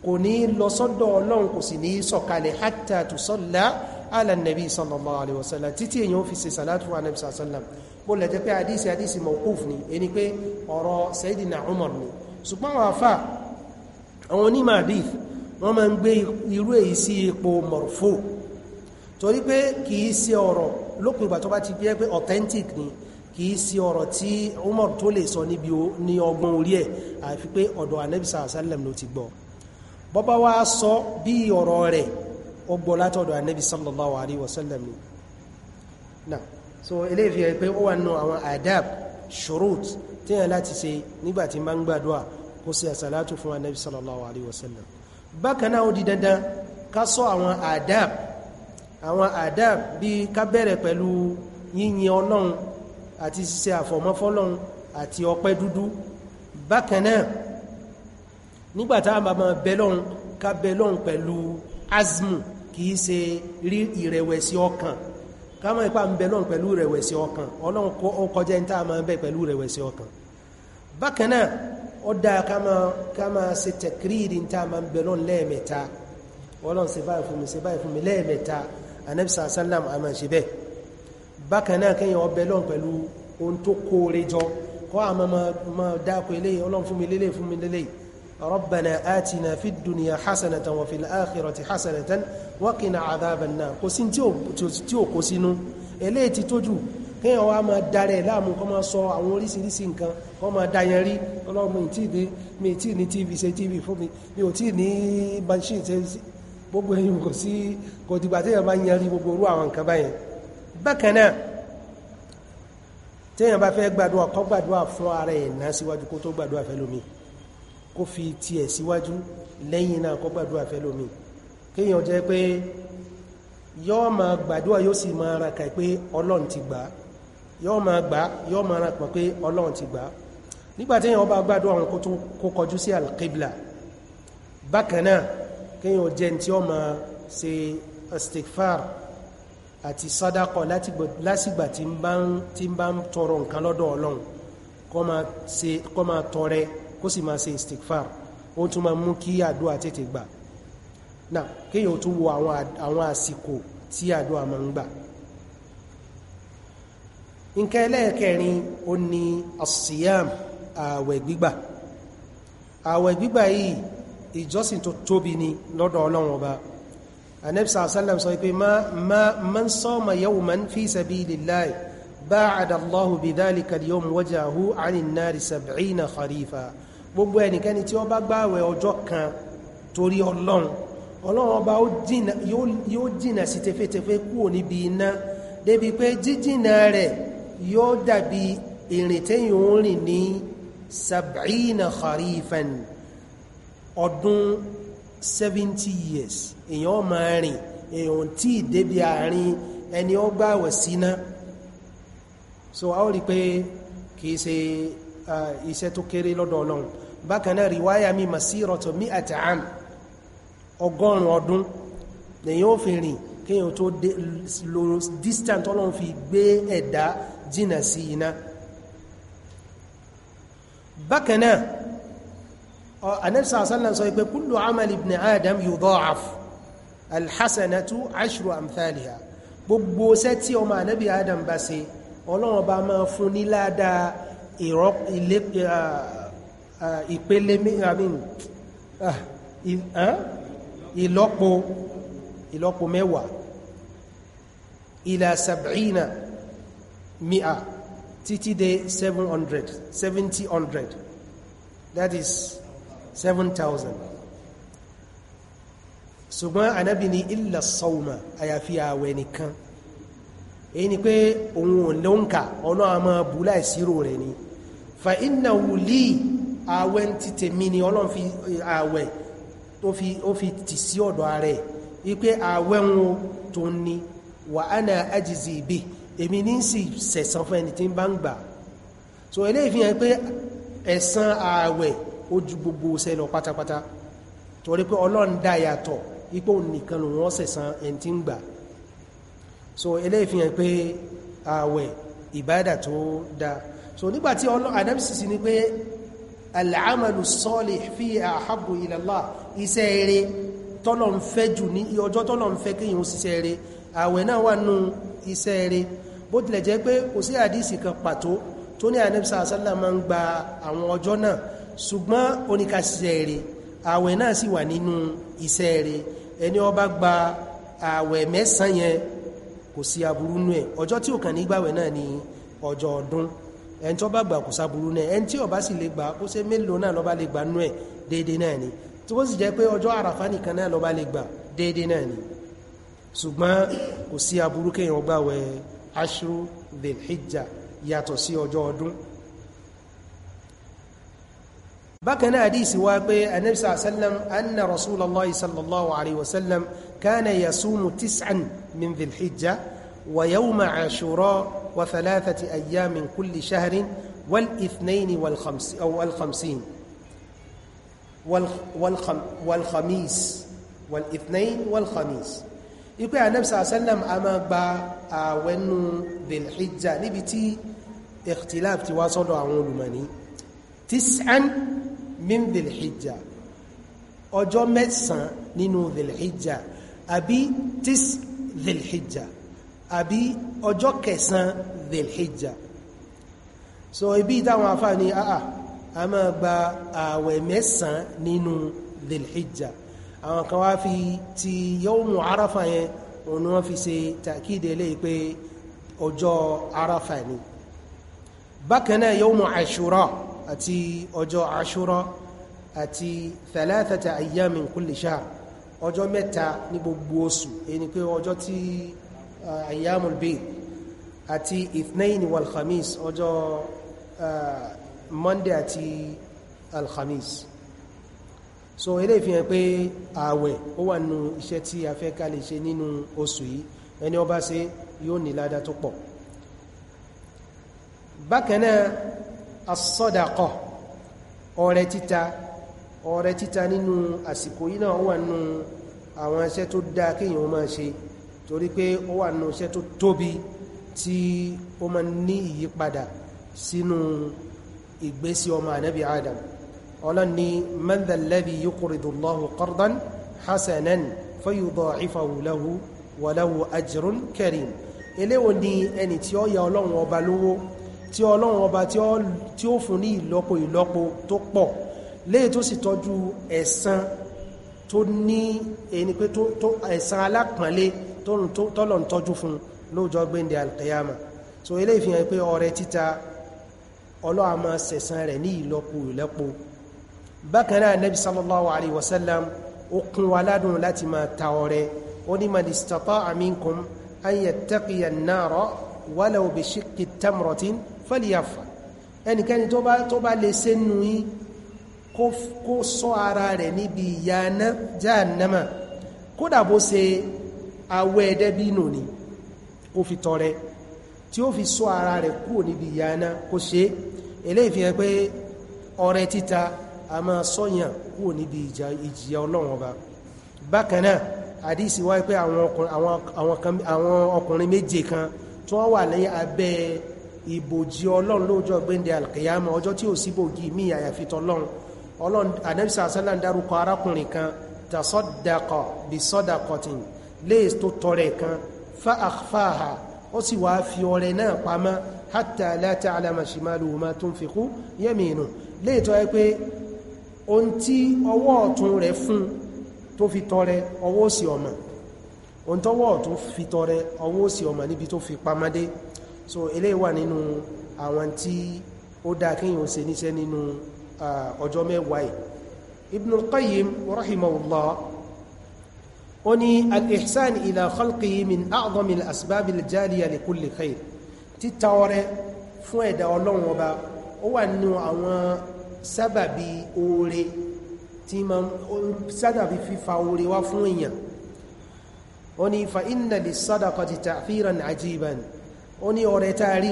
kò ní lọ sọ́dọ̀ ọlọ́run kò sì ní sọ̀kalẹ̀ hatta tusalla ala nabi sallallahu alaihi wasallam títí èyàn fi ṣe salatu wa nabi sallallahu alaihi wasallam bó lè jẹ́ pé hadisi hadisi mawquf ni ẹni pé ọ̀rọ̀ sayidina umar ni ṣùgbọ́n àwọn afá àwọn onímọ̀ hadith wọ́n máa ń gbé irú èyí sí ipò marfu torí pé kìí ṣe ọ̀rọ̀ lópin ìgbà tó bá ti jẹ́ pé authentic ni kì í sí ọ̀rọ̀ tí Umar tó lè sọ níbi ní ọgbọ́n orí ẹ̀ àfi pé ọ̀dọ̀ anẹ́bìsà àṣálẹ̀m ló ti gbọ́ bọ́bá wá sọ bí ọ̀rọ̀ rẹ̀ ó gbọ́ látọ̀dọ̀ anẹ́bì sallallahu alaihi wasallam ni so eléyìí fi hàn pé adab shurut tí yẹn láti ṣe nígbà tí máa ń gbàdúrà sallallahu alaihi wasallam bákan náà ó di adab àwọn adab bíi ká bẹ̀rẹ̀ pẹ̀lú yíyin ọlọ́run àti ṣíṣe àfọ̀mọ́fọ́lọ́run àti ọpẹ́ dúdú bákan náà nígbà tá a máa bẹ lọ́run ká bẹ lọ́run pẹ̀lú azmu kìí ṣe rí ìrẹ̀wẹ̀sì ọkàn ká mọ̀ ipá ń bẹ lọ́run pẹ̀lú ìrẹ̀wẹ̀sì ọkàn ọlọ́run ó kọjá ní tá a máa bẹ pẹ̀lú ìrẹ̀wẹ̀sì ọkàn bákan náà ó dáa ká máa ká máa ṣe tẹ̀kírìrì ní tá a máa ọlọ́run ṣe báyìí fún mi ṣe báyìí fún mi lẹ́ẹ̀mẹ́ta anẹ́bìsà sálàm a máa ṣe bẹ́ẹ̀ bákan náà kéèyàn ọbẹ̀ lọ́n pẹ̀lú ohun tó kóore jọ kọ́ àmọ́ máa dáko eléyìí ọlọ́run fún mi lélẹ̀ fún mi lélẹ̀ rabbana atina fid dunya hasanatan wa fil akhirati hasanatan wa qina adhaban nar kò sí tí ò kó sínú eléyìí ti tójú kéèyàn wá máa darẹ̀ láàmú kọ́ gbogbo ẹ̀yìn kò sí kò dìgbà tí èèyàn bá yanrí gbogbo orú àwọn nǹkan báyẹn bákan náà tí èèyàn bá fẹ́ gbàdúrà kó gbàdúrà fún ara ẹ̀ náà síwájú kó tó gbàdúrà fẹ́ lómi kó fi tiẹ̀ síwájú lẹ́yìn náà kó gbàdúrà fẹ́ lómi kéèyàn jẹ́ pé yọ́ máa gbàdúrà yóò sì máa ra kàí pé ọlọ́run ti gbà yọ́ máa gbà yọ́ máa ra pọ̀ pé ọlọ́run ti gbà nígbà tí èèyàn bá gbàdúrà wọn kó kọjú sí alqibla bákan kéèyàn jẹ́ tí ó máa ṣe istighfar àti sadakọ lásìgbà tí ń bá ń tọrọ nǹkan lọ́dọ̀ ọlọ́run kó máa tọrẹ kó sì máa ṣe istighfar ó tún máa mú kí àdúrà tètè gbà náà kéèyàn tún wo àwọn àsìkò tí àdúrà máa ń gbà nǹkan ẹlẹ́ẹ̀kẹrin ó ní asiyam ààwẹ̀ gbígbà ààwẹ̀ gbígbà yìí ìjọsìn tó tóbi ni lọ́dọ̀ ọlọ́run ọba anẹ́bisa sallam sọ pé man sọ́ọ̀mà yawman fi sabilillahi ba'ada Allahu bidhalika al-yawm wajahu 'ani an-nari sab'ina kharifa gbogbo ẹnikẹ́ni tí ó bá gbààwẹ̀ ọjọ́ kan torí ọlọ́run ọlọ́run ọba yóò jìnà sí tefẹ́tefẹ́ kúrò níbi iná débi pé jíjìnà rẹ̀ ọdún 70 years èyàn ó máa rìn èyàn tí ìdébí àárín ẹni ó gbàwẹ̀ síná so a ó rí pé kìí ṣe iṣẹ́ tó kéré lọ́dọ̀ Ọlọ́run bákan náà riwaya mi masiratu mi'ata am ọgọ́rùn ọdún lèyàn ó fi rìn kéèyàn tó lo distance Ọlọ́run fi gbé ẹ̀dá jìnà sí iná bákan anẹ́bísà sálà sọ pé kullu amali ibn adam yudha'af alhassanatu ashru amthaliha gbogbo ṣẹ́ tí ọmọ anẹ́bí adam bá ṣe ọlọ́run bá máa fún ní ládàá ìpele ìlọ́po ìlọ́po mẹ́wàá ila sab'ina mi'a títí dé 700 70 that is 7,000 ṣùgbọ́n anábì ní illa sawma àyàfi àwẹ̀ nìkan èyí ni pé òun ò lóǹkà ọ̀nà àmọ́ búlá ìṣírò rẹ̀ ni fa inna wùlí àwẹ̀ ti tèmi ni ọlọ́n fi àwẹ̀ tó fi tì sí ọ̀dọ̀ ààrẹ wípé àwẹ̀ wọn tó ní wà á na ajizi ibi èmi ní sì sẹ̀san fún ẹni tí ń bá ń gbà so eléyìí fi hàn pé ẹ̀san àwẹ̀ ó ju gbogbo iṣẹ́ lọ pátápátá torí pé ọlọ́run dá yàtọ̀ ipò nìkan ló wọ́n sẹ̀san ẹni tí ń gbà so eléyìí fi hàn pé ààwẹ̀ ìbádà tó dá so nígbàtí adamsisi ni pé al'amalu salih fi ahabbu ila Allah iṣẹ́ eré tọ́lọ̀ ń fẹ́ jù ní ọjọ́ tọ́lọ̀ ń fẹ́ kíyàn síṣẹ́ eré ààwẹ̀ náà wà nú iṣẹ́ eré bó tilẹ̀ jẹ́ pé kò sí àdísì kan pàtó tó ní àdamsisi àsálà ń gba àwọn ọjọ́ náà ṣùgbọ́n oníkàṣiṣẹ́ rẹ̀ àwẹ̀ náà sì wà nínú iṣẹ́ rẹ̀ ẹni ó bá gba àwẹ̀ mẹ́sàn yẹn kò sí aburú nú ẹ̀ ọjọ́ tí ò kàn nígbàwẹ̀ náà ni ọjọ́ ọdún ẹni tó bá gbà kò sáburú náà ẹni tí ó sì lè gbà ó ṣe mélòó náà ló lè gbà nú ẹ̀ déédé náà ni tí ó sì jẹ́ pé ọjọ́ àràfá nìkan náà ló lè gbà déédé náà ni ṣùgbọ́n kò sí aburú kéèyàn gbàwẹ̀ ashru dhil hijja yàtọ̀ sí ọjọ́ ọdún بكنا حديث وابي النبي صلى الله عليه وسلم أن رسول الله صلى الله عليه وسلم كان يصوم تسعا من ذي الحجة ويوم عاشوراء وثلاثة أيام من كل شهر والاثنين والخمس أو الخمسين والخم والخميس والاثنين والخميس يقول النبي صلى الله عليه وسلم أما با ونو ذي الحجة نبتي اختلاف تواصلوا عن علماني tis'an min dhilhijja ọjọ́ mẹ́sàn nínú dhilhijja àbí tis dhilhijja àbí ọjọ́ kẹsàn dhilhijja so ibi ìtàwọn afá ni àà a máa gba ààwẹ̀ mẹ́sàn nínú dhilhijja àwọn kan wá fi ti yawmu arafa yẹn òun wọ́n fi ṣe tàkídé lè pé ọjọ́ arafa ni bákanáà yawmu ashura àti ọjọ́ ashura àti thalathata ayyam min kulli shahr ọjọ́ mẹ́ta ní gbogbo oṣù èyí ni pé ọjọ́ tí ayyamul bayt àti ithnain wal ọjọ́ monday àti alkhamis so ilé ìfihàn pé ààwẹ̀ ó wà nínú iṣẹ́ tí a fẹ́ ká lè ṣe nínú oṣù yìí ẹni ó ṣe yóò ní as-sadaqa ọrẹ títa ọrẹ títa nínú àsìkò yìí náà wà nínú àwọn iṣẹ́ tó dáa kéèyàn máa ṣe torí pé ó wà nínú iṣẹ́ tó tóbi tí ó máa ní ìyípadà sínú ìgbésí ọmọ ànábì adam ọlọ́n ni man dha alladhi tí ọlọ́run ọba tí ó fún ní ìlọ́po ìlọ́po tó pọ̀ léè tó sì tọ́jú ẹ̀san tó ní ẹni pé tó ẹ̀san alápọ̀nlé tọ́lọ̀ ń tọ́jú fún lóòjọ́ gbẹ́ndẹ̀ alkiyama so ilé ìfihàn pé ọrẹ títa ọlọ́run a máa sẹ̀san rẹ̀ ní ìlọ́po ìlọ́po bákan náà nabi sallallahu alaihi wasallam ó kún wa ládùn láti máa bi shiqqi tamratin fẹ́lìyàfà ẹnikẹ́ni tó bá lè ṣe nù yí kó sọ ara rẹ̀ níbi ìyà jahannama kódà bó ṣe awẹ́ ẹ̀dẹ́bínú ni kó fi tọrẹ tí ó fi sọ ara rẹ̀ kúrò níbi ìyà náà kó ṣe eléyìí fi hàn pé ọrẹ títa a máa sọ́yàn kúrò níbi ìjìyà ọlọ́run ọba bákan náà àdísì wáyé pé àwọn ọkùnrin méje kan tí wọ́n wà lẹ́yìn abẹ́ ìbòjì ọlọ́run lóòjọ́ gbẹ́ndẹ̀ alkiyama ọjọ́ tí ó sí bòjì mí àyàfi tọlọ́run ọlọ́run anẹ́bísà sálà ń dárúkọ arákùnrin kan tasaddaqa bisodaqatin léè tó tọrẹ kan fa akhfaha ó sì wá fi ọrẹ náà pamọ́ hatta la ta'lama shimaluhu ma tunfiqu yaminu léè tọ́ ẹ pé ohun tí ọwọ́ ọ̀tún rẹ̀ fún tó fi tọrẹ ọwọ́ òsì ọmọ ohun tọwọ́ ọ̀tún fi tọrẹ ọwọ́ òsì ọmọ níbi tó fi pamọ́dé so eléyìí wà nínú àwọn tí ó dá kíyàn ṣe níṣẹ́ nínú ọjọ́ mẹ́wàá yìí Ibn al-Qayyim rahimahullah ó ní al-ihsan ila khalqihi min a'zami al-asbab al-jaliya li kulli khair títa ọrẹ fún ẹ̀dá ọlọ́run ọba ó wà nínú àwọn sábàbí oore tí ma sábàbí fífa oore wá fún èèyàn ó ní fa inna lis-sadaqati ta'thiran ajiban ó ní ọrẹ tá a rí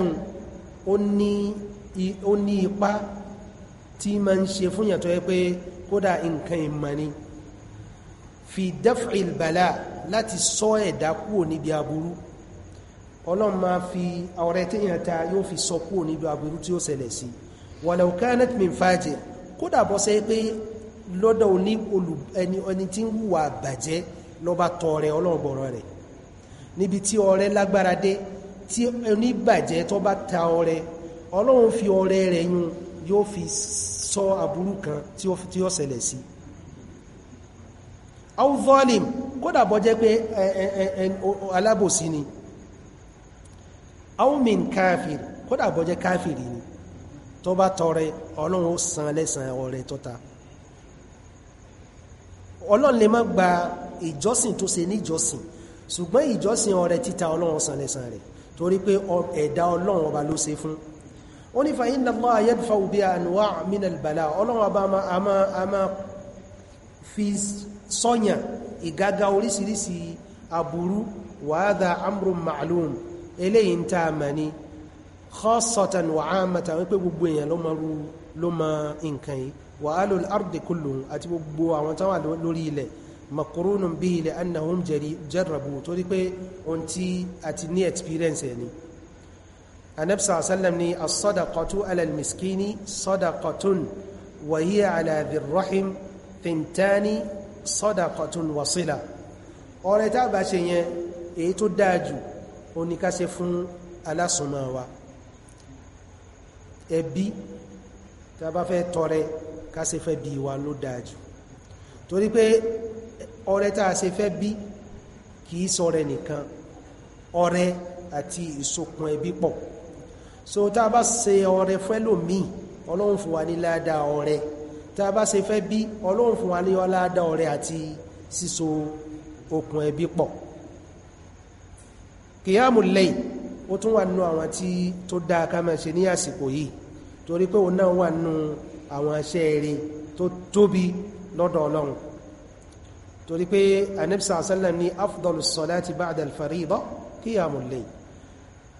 hun ó ní ipa tí ma ń ṣe fún yàtọ̀ ẹ pé kódà nǹkan ìmọ̀ ni fi daf'il bala láti sọ ẹ̀dá kúrò níbi aburú ọlọ́run máa fi ọrẹ téèyàn ta yóò fi sọ kúrò níbi aburú tí ó ṣẹlẹ̀ sí walau kanat níbi tí ọrẹ lágbára dé tí oníbàjẹ́ tó bá ta ọrẹ ọlọ́run fi ọrẹ rẹ̀ yún yóò fi sọ aburú kan tí ó ṣẹlẹ̀ sí alvolim kódà bọ́ jẹ́ pé alábòsí ni aumin káfir kódà bọ́ jẹ́ káfir ni tó bá tọrẹ ọlọ́run ó san lẹ́san ọrẹ tó ta ọlọ́run lè má gba ìjọsìn tó ṣe ní ìjọsìn ṣùgbọ́n ìjọsìn ọrẹ títa ọlọ́run san lẹ́san rẹ̀ torí pé ẹ̀dá ọlọ́run ọba ló ṣe fún ó ní fa inna Allah yadfa bi anwa min albala ọlọ́run ọba a máa a máa fi sọ́yàn ìgágá oríṣiríṣi aburú wa hadha amrun ma'lum eléyìí tá a mà ní khassatan wa 'ammatan wípé gbogbo èèyàn ló máa rú ló máa nǹkan yìí wa alul lórí ilẹ̀ makurunun bihi li'annahum jarrabu torí pé ohun tí a ti ní experience ẹni anabi sallam ni as-sadaqatu ala al-miskini sadaqatun wa hiya ala dhir-rahim thintani sadaqatun wa sila ọrẹ tá bá ṣe yẹn èyí tó dájú òní ká ṣe fún alásùnmọ́ ẹbí tá fẹ́ tọrẹ ká ṣe fẹ́ bí wa ló dájú torí pé ọrẹ tá a ṣe fẹ́ bí kìí sọrẹ nìkan ọrẹ àti ìsokùn ẹbí pọ̀ so tá a bá ṣe ọrẹ fẹ́lòmíì ọlọ́run fún wa ní ládàá ọrẹ tá a bá ṣe fẹ́ bí ọlọ́run fún wa ní ládàá ọrẹ àti síso okùn ẹbí pọ̀ kìyàmù lẹ́yìn ó tún wà nínú àwọn tí tó dáa ká máa ṣe ní àsìkò yìí torí pé òun náà wà nínú àwọn aṣẹ́ eré tó tóbi lọ́dọ̀ ọlọ́run torí pé anẹ́bísà àṣálàm ní afdọ́lù sọ́láti ba'da al-farida qiyamul layl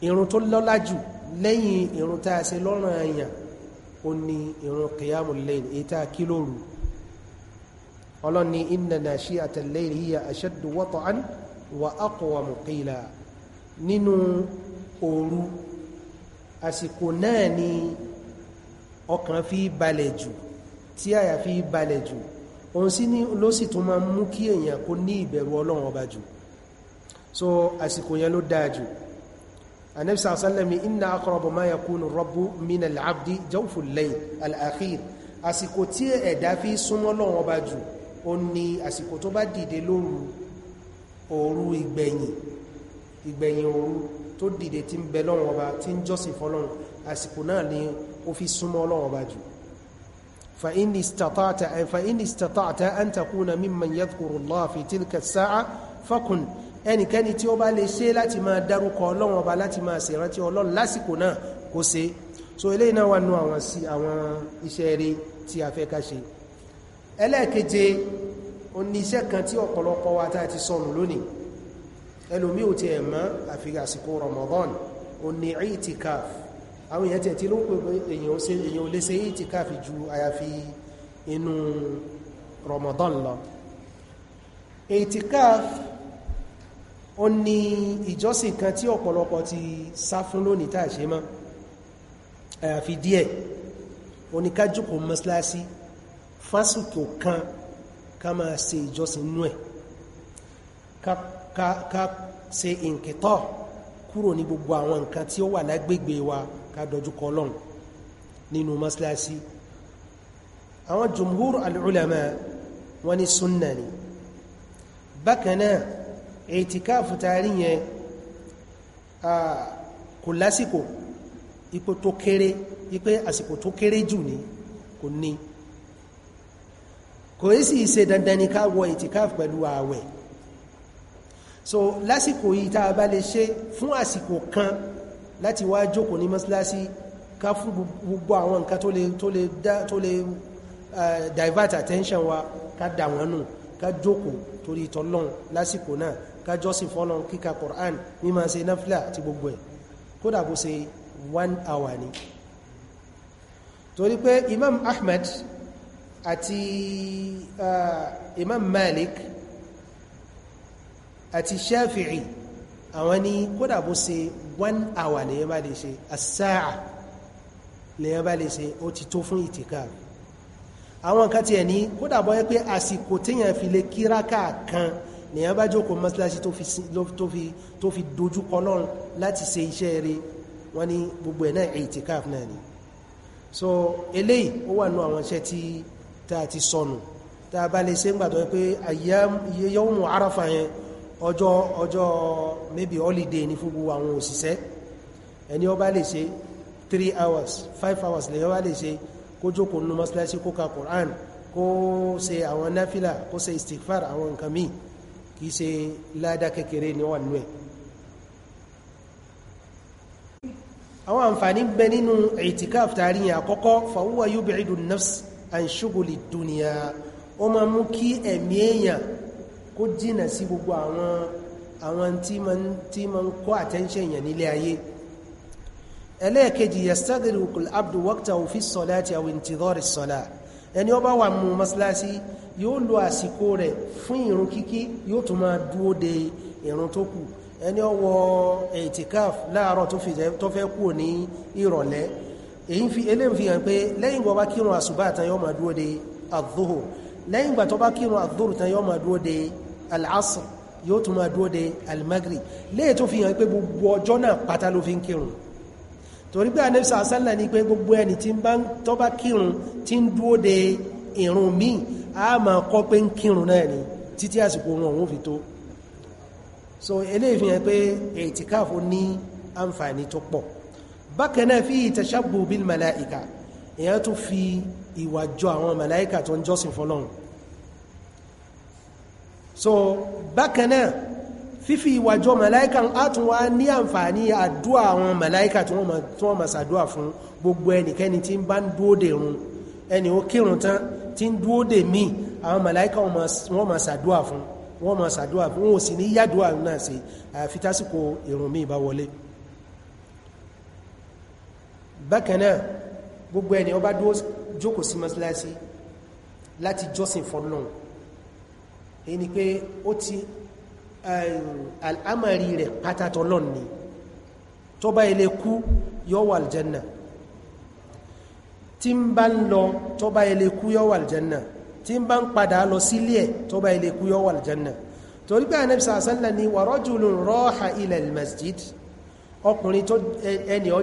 irun tó lọ́lá jù lẹ́yìn irun tá a ṣe lọ́rùn àyàn ó ní irun qiyamul layl èyí tá a kí lóru ọlọ́ni inna nashi'ata al-layl hiya ashaddu tí àyà fi balẹ̀ jù òun sí ní ló sì tún máa mú kí èèyàn kó ní ìbẹ̀rù ọlọ́run ọba jù so àsìkò yẹn ló dáa jù anabi sallam inna aqrab ma yakunu rabbu min al-abdi jawfu al-layl àsìkò tí ẹ̀dá fi súnmọ́ ọlọ́run ọba jù فإن استطعت, فإن استطعت أن تكون ممن يذكر الله في تلك الساعة فكن ẹnikẹ́ni tí ó bá lè ṣe láti máa dárúkọ ọlọ́run ọba láti máa ṣèrántí ọlọ́run lásìkò náà kó ṣe so eléyìí náà wà nú àwọn sí àwọn iṣẹ́ rere tí a fẹ́ ká ṣe ẹlẹ́ẹ̀keje ó ní iṣẹ́ kan tí ọ̀pọ̀lọpọ̀ wa tá ti sọnù lónìí ẹlòmí ò tiẹ̀ mọ̀ àfi àsìkò Ramadan ó ní itikaf àwọn èèyàn tẹ̀ tí ló ń pè pé èèyàn ò lè ṣe ìtìkáàfì ju àyàfi inú Ramadan lọ ìtìkáàfì ó ní ìjọsìn kan tí ọ̀pọ̀lọpọ̀ ti sá fún lónìí tàà ṣe mọ́ àyàfi díẹ̀ ó ní ká jókòó mọ́sálásí fásitò kan ká máa ṣe ìjọsìn nú ẹ̀ ká ṣe ìǹkìtọ́ kúrò ní gbogbo àwọn nǹkan tí ó wà lágbègbè wa ká dojú kọ Ọlọ́run nínú mọ́sálásí àwọn jùmhúrù al'ulama wọ́n ní súnnà ni bákanáà ètìkáàfù tààrí yẹn kò lásìkò ipò tó kéré ipé àsìkò tó kéré jù ní kò ní kò yí sì ṣe dandan ní ká wọ ètìkáàfù pẹ̀lú ààwẹ̀ so lásìkò yìí tá bá lè ṣe fún àsìkò kan láti wá jókòó ní mọ́síláṣí ká fún gbogbo àwọn nǹkan tó lè tó lè tó lè divert attention wa ká dà wọ́n nù ká jókòó torí ìtọ́lọ́n lásìkò náà ká jọ́sìn fọ́lọ́n kíka Qur'an mímọ̀ ṣe náfílà àti gbogbo ẹ̀ kódà bó ṣe one hour ni torí pé Imam Ahmad àti uh, Imam Malik àti Shafi'i àwọn ni kódà bó ṣe one hour lèyàn bá lè ṣe asáà lèyàn bá lè ṣe ó ti tó fún ìtìkáf àwọn nǹkan tiẹ̀ ní kódà bọ́ pé àsìkò téèyàn fi lè kíráka kan lèyàn bá jókòó mọ́síláṣí tó fi dojú kọ Ọlọ́run láti ṣe iṣẹ́ rẹ̀ wọ́n ní gbogbo ẹ̀ náà ìtìkáf náà ni so eléyìí ó wà nú àwọn iṣẹ́ tí tá a ti sọnù tá a bá lè ṣe ń gbàdọ̀ pé àyẹ̀wò Arafa yẹn ọjọ́ ọjọ́ maybe holiday ni fún gbogbo àwọn òṣìṣẹ́ ẹni ó bá lè ṣe 3 hours 5 hours lè ó bá lè ṣe kó jókòó nínú mọ́sálásí kó ka Quran kó ṣe àwọn náfílà kó ṣe istighfar àwọn nǹkan míì kìí ṣe ládá kékeré ní wà nú ẹ̀ àwọn àǹfààní bẹ nínú ìtìkáf tàríyàn àkọ́kọ́ fàwúwa yóò bẹ̀rẹ̀ dùn nafs an ṣúgbòlì dùnìyà ó ma mú kí ẹ̀mí kó jìnà sí gbogbo àwọn àwọn tí ma ń kọ́ attention èèyàn nílé ayé ẹlẹ́ẹ̀kejì yastadrikul abdu waqtahu fi ssalati aw intidhari ssola ẹni ó bá wà mú mọ́sálásí yóò lo àsìkò rẹ̀ fún ìrun kíkí yóò tún máa dúó de ìrun tó kù ẹni ó wọ ẹ̀tìkáf láàárọ̀ tó fẹ́ kú ní ìrọ̀lẹ́ èyí fi elé fi hàn pé lẹ́yìn gbọ́ bá kírun àsùbá tán yóò máa dúó de àdúhù lẹ́yìn gbà tó kírun àdúhù tán yóò máa dúó de al-asr yóò tún máa dúró de al-maghrib léè tó fi hàn pé gbogbo ọjọ́ náà pátá ló fi ń kírun torí pé Ànábì sàásánlá ní pé gbogbo ẹni tí ń bá tó bá kírun tí ń dúró de ìrun míì a máa kọ́ pé ń kírun náà ni títí àsìkò wọn òun fi tó so eléyìí fi hàn pé ètìkáàfó ní àǹfààní tó pọ̀ bákan fi tashabbu bil màláìka èèyàn tún fi ìwà àwọn màláìka tó ń jọ́sìn fọlọ́run so bákanáà fífi ìwàjọ màláíkà átùnwá ní àǹfààní àdúà àwọn màláíkà tí wọ́n ma sàdúà fún gbogbo ẹnikẹ́ni tí ń bá ń dúódè run ẹni ó kírun tán tí ń dúódè mí àwọn màláíkà wọ́n ma sàdúà fún wọ́n ma sàdúà fún wọn ò sì ní yádùà náà sí àfi tásìkò ìrun mí bá wọlé bákanáà gbogbo èyí ni pé ó ti àmàrí eh, rẹ̀ pátátọ lọ́n ni tó bá ilé kú yóò wà aljanna tí ń bá ń lọ tó bá ilé kú yóò wà aljanna tí ń bá ń padà lọ sílé ẹ̀ tó bá ilé kú yóò aljanna torí pé ànẹ́bìsà àsánlá ni wa rajulun raha ila almasjid ọkùnrin tó ẹni ó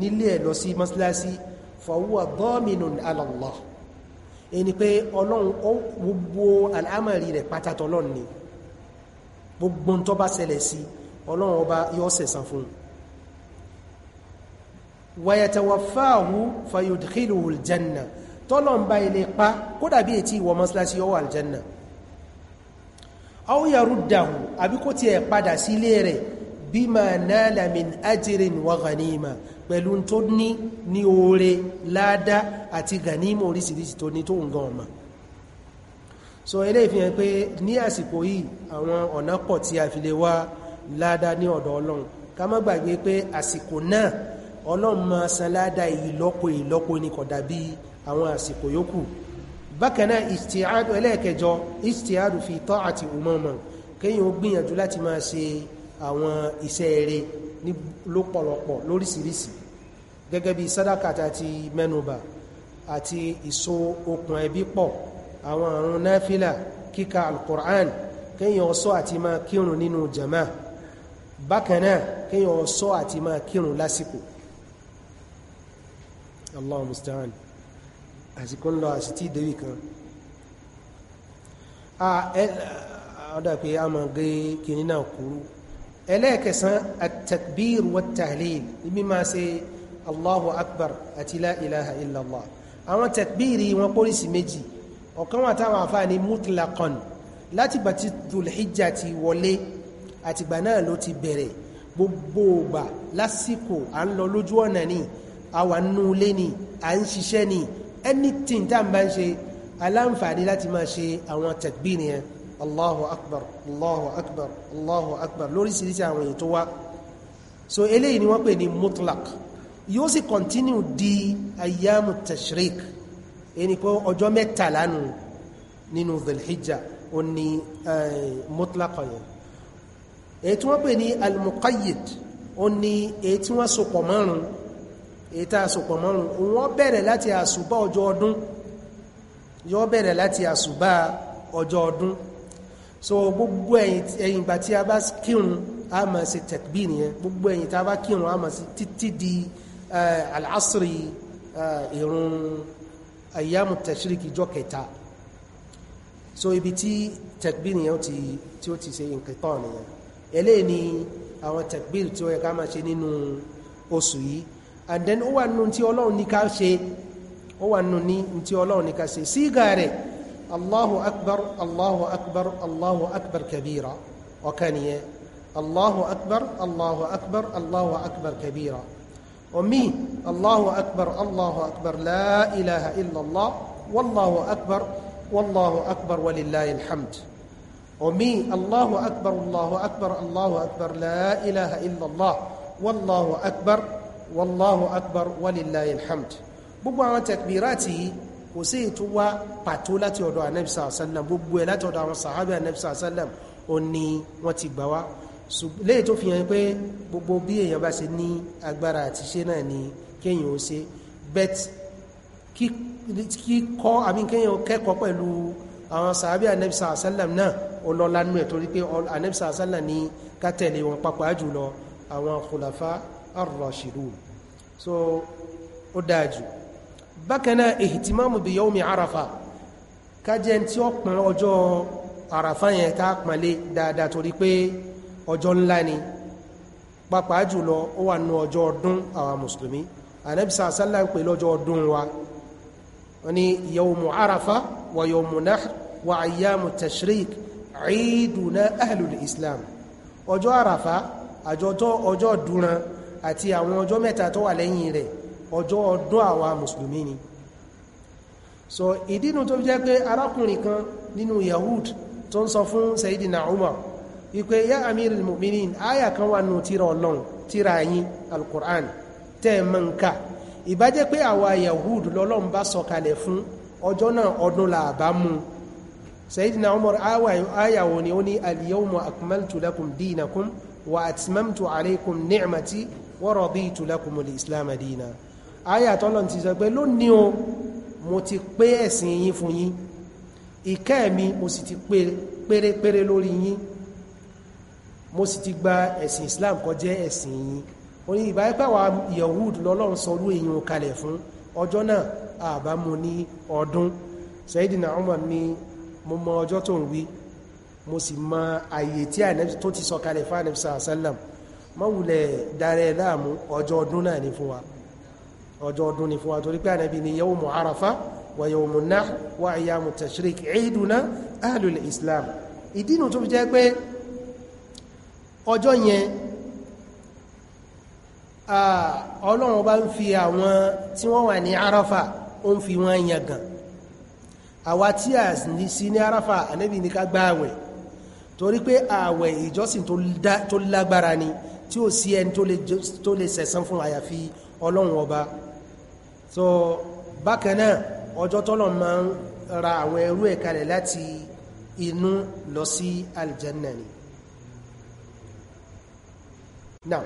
nílé lọ sí mọ́síláṣí fa huwa dhaminun ẹni pé ọlọ́run ó gbogbo àlámọ̀rí rẹ̀ pátátọ̀ ọlọ́run ni gbogbo tó bá ṣẹlẹ̀ sí ọlọ́run ọba yóò sẹ̀san fún wayatawaffahu fayudkhiluhu aljanna tọ́lọ̀n bá ilé pa kó dàbí ètí ìwọ mọ́sílásí ọwọ́ aljanna aw yaruddahu àbí kó ti ẹ̀ padà sílé rẹ̀ bima nala min ajrin wa ghanima pẹ̀lú tó ní ní oore láádá àti gànímọ̀ oríṣiríṣi tó ní tó ń gan ọmọ so eléyìí fi hàn pé ní àsìkò yìí àwọn ọ̀nà pọ̀ tí a fi lè wá láádá ní ọ̀dọ̀ ọlọ́run ká má gbàgbé pé àsìkò náà ọlọ́run máa san láádá ìlọ́po ìlọ́po ní kò dàbí àwọn àsìkò yòókù bákan náà ìtìhádù ẹlẹ́ẹ̀kẹjọ ní lọ́pọ̀lọpọ̀ lóríṣìíríṣìí gẹ́gẹ́ bí sádàkàtà ti mẹ́nubà àti ìso okùn ẹbí pọ̀ àwọn àrùn náfílà kíka alkùrán kíyàn ọ̀sọ́ àti máa kírun nínú jama bákanáà kíyàn ọ̀sọ́ àti máa kírun lásìkò allah musta'an àsìkò ń ibi máa ṣe allahu akbar àti la ilaha illallah àwọn takbiri wọn pólísì méjì ọ̀kan wà táwọn àfáà ní mutlaqan láti gbà tí dùlhíjà ti wọlé àtìgbà náà ló ti bẹ̀rẹ̀ gbogbo ògbà lásìkò à ń lọ lójú ọ̀nà ni àwa nú ilé ni à ń ṣiṣẹ́ ni anything tá n bá ń ṣe aláǹfààní láti máa ṣe àwọn takbiri yẹn allahu akbar allahu akbar allahu akbar lóríṣiríṣi àwọn èyí tó wá so eléyìí ni wọ́n pè ní mutlaq yóò sì continue di ayyamu tashrik ẹni pé ọjọ́ mẹ́tàlá nù nínú dhulhijja ó ní mutlaqa yẹn èyí tí wọ́n pè ní al-muqayyid ó ní èyí tí wọ́n sopọ̀ márùn èyí tí a sopọ̀ márùn wọ́n bẹ̀rẹ̀ láti àsùbá ọjọ́ ọdún yóò bẹ̀rẹ̀ láti àsùbá ọjọ́ ọdún so gbogbo ẹ̀yìn ìgbà tí a bá kírun a máa ṣe takbir nìyẹn gbogbo ẹ̀yìn tí a bá kírun a máa ṣe títí di alásìrì ìrun ayyamu tashrik ìjọ kẹta so ibi tí takbir yẹn tí ó ti ṣe inqitan nìyẹn eléyìí ni àwọn takbir tí ó yẹ ká máa ṣe nínú oṣù yìí and then ó wà nù tí ọlọ́run ní ká ṣe ó wà nù ní tí ọlọ́run ní ká ṣe sígà rẹ̀ allahu akbar allahu akbar allahu akbar kabira ọ̀kan nìyẹn allahu akbar allahu akbar allahu akbar ومين الله أكبر الله أكبر لا إله إلا الله والله أكبر والله أكبر ولله الحمد ومين الله أكبر الله أكبر الله أكبر لا إله إلا الله والله أكبر والله أكبر ولله الحمد gbogbo àwọn tẹ̀kbìráàtì yìí kò sí ìtúwà pàtó láti ọ̀dọ̀ ànẹ́bìsà àṣálàm gbogbo ẹ̀ láti ọ̀dọ̀ àwọn sàhábẹ̀ ànẹ́bìsà àṣálàm ò ní léè tó fi hàn pé gbogbo bí èèyàn bá ṣe ní agbára àti ṣe náà ni kéèyàn ó ṣe bet kíkọ́ àbí kéèyàn kẹ́kọ̀ọ́ pẹ̀lú àwọn sàábí anẹ́bìsà àṣálàm náà ó lọ lánú ẹ̀ torí pé anẹ́bìsà àṣálàm ní ká wọn pàápàá jùlọ àwọn khulafa ar so ó dáa jù bákan náà ihtimamu bi yawmi arafa ká jẹ́ tí ó pọn ọjọ́ àràfá yẹn tá pọnlé dáadáa torí pé ọjọ́ ńlá ni pàápàá jùlọ ó wà nú ọjọ́ ọdún àwa mùsùlùmí ànẹ́bìsà sálà ń pè lọ́jọ́ ọdún wa wọ́n ni yawmu arafa wa yawmu nahr wa ayyamu tashrik ìdùnà ahlul islam ọjọ́ arafa àjọjọ́ ọjọ́ dúran àti àwọn ọjọ́ mẹ́ta tó wà lẹ́yìn rẹ̀ ọjọ́ ọdún àwa mùsùlùmí ni so ìdínú tó jẹ́ pé arákùnrin kan nínú yahud tó ń sọ fún sayidina umar ìpè ya amir al-mu'minin aya kan wà nù tíra ọlọ́run tíra yín al-Qur'an tẹ́ ẹ mọ́ nǹka ìbájẹ́ pé àwa yahud lọ́lọ́run bá sọ̀kalẹ̀ fún ọjọ́ náà ọdún làbá mú sayidina umar aya wo ni ó ní al-yawma akmaltu lakum dinakum wa atmamtu alaykum ni'mati wa raditu lakum al-islam dina aya tọ́lọ́n ti sọ pé lónìí o mo ti pé ẹ̀sìn yín fún yín ìkẹ́ mi mo sì ti pérépéré lórí yín mo sì ti gba ẹ̀sìn islam kó jẹ́ ẹ̀sìn yìí ó ní ìbáyé pàwà yahud lọ́lọ́run sọ orú èyàn kalẹ̀ fún ọjọ́ náà àbá mo ní ọdún Sayyidina Umar ni mo mọ ọjọ́ tó ń wí mo sì mọ àyè tí ànẹ́bí tó ti sọ kalẹ̀ fún ànẹ́bí sàásálàm mọ́wulẹ̀ darẹ̀ láàmú ọjọ́ ọdún náà ní fún wa ọjọ́ ọdún ní fún wa torí pé ànẹ́bí ni yawmu Arafa wa yawmu Nahr wa ayyamu tashrik eiduna ahlul islam ìdínú tó fi jẹ́ pé ọjọ́ yẹn ọlọ́run bá ń fi àwọn tí wọ́n wà ní arafa ó ń fi wọ́n yangàn àwa tí a sí ní arafa anẹ́bì ní ká gba àwẹ̀ torí pé àwẹ̀ ìjọsìn tó lágbára ni tí ó sí ẹni tó lè sẹ̀san fún àyàfi ọlọ́run ọba so bákanáà ọjọ́ tọ́lọ̀ máa ń ra àwọn ẹrú ẹ̀ kalẹ̀ láti inú lọ sí aljanna ni now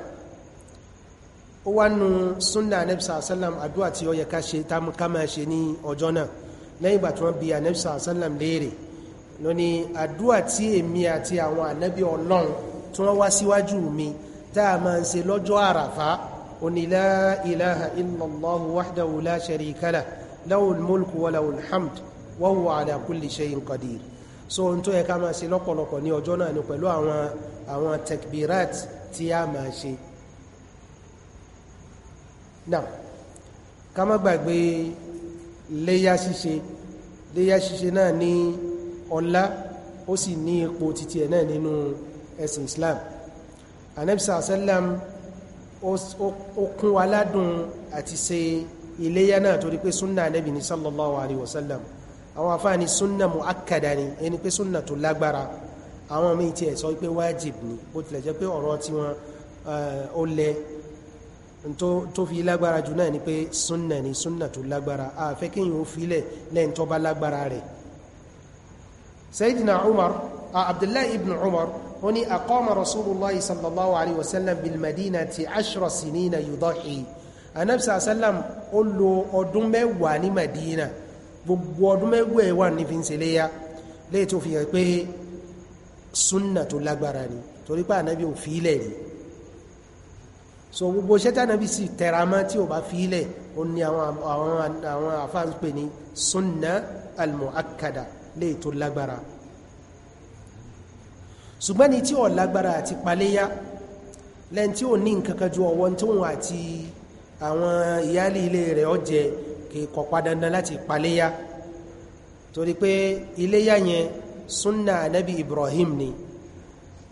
ó wá nu sunna anẹ́bìsà sálàm àdúrà tí ó yẹ ká ṣe ká máa ṣe ní ọjọ́ náà lẹ́yìn ìgbà tí wọ́n bi anẹ́bìsà sálàm léèrè lóní àdúrà tí èmi àti àwọn ànábì ọlọ́run tí wọ́n wá síwájú mi tá a máa ń ṣe lọ́jọ́ àràfá oní la ilaha illallahu wahdahu la sharika lah lahul mulku wa lahul hamd wa huwa so n tó yẹ ká máa ṣe lọ́pọ̀lọpọ̀ ní ọjọ́ náà ni pẹ̀lú àwọn àwọn takbirat tí a máa ṣe náà ká má gbàgbé léyá ṣíṣe léyá ṣíṣe náà ní ọlá ó sì ní ipò títí ẹ̀ náà nínú ẹ̀sìn Islam anẹ́bisa sẹ́lẹ̀m ó kún wa ládùn àti ṣe iléyá náà torí pé súnnà anẹ́bì ní sallallahu alaihi wasallam àwọn afáà ni súnnà muakkada ni ẹni pé súnnà tó lágbára àwọn míì tí ẹ̀ sọ pé wájib ni bó tilẹ̀ jẹ́ pé ọ̀rọ̀ tí wọ́n eh, ó lẹ tó fi lágbára jù náà ni pé súnnà ni súnnà tó lágbára àfẹ́ kí yíò filẹ̀ lẹ́yìn tó bá lágbára rẹ̀ Sayyidina Umar Abdullahi ibn Umar ó ní aqama Rasulullah sallallahu alaihi wasallam bil Madinati ashra sinina yudahi anabisa sallam ó lo ọdún mẹ́wàá ní Madina gbogbo ọdún mẹ́wàá ní fi ń ṣe léyá léè tó fi hàn pé súnà tó lágbára ni torí pé ànábì ò fílẹ̀ ni so gbogbo iṣẹ́ tánàbí sì tẹramọ́ tí ò bá fílẹ̀ ó ní àwọn àfáàpè ní súnà almuakkada lè tó lágbára ṣùgbọ́n ni tí ò lágbára àti paléyá lẹ́n tí ò ní nkankan ọwọ́ tó wọn àti àwọn ìyálé ilé rẹ̀ ọ jẹ torí pé iléyá yẹn súnà ànábì Ibrahim ni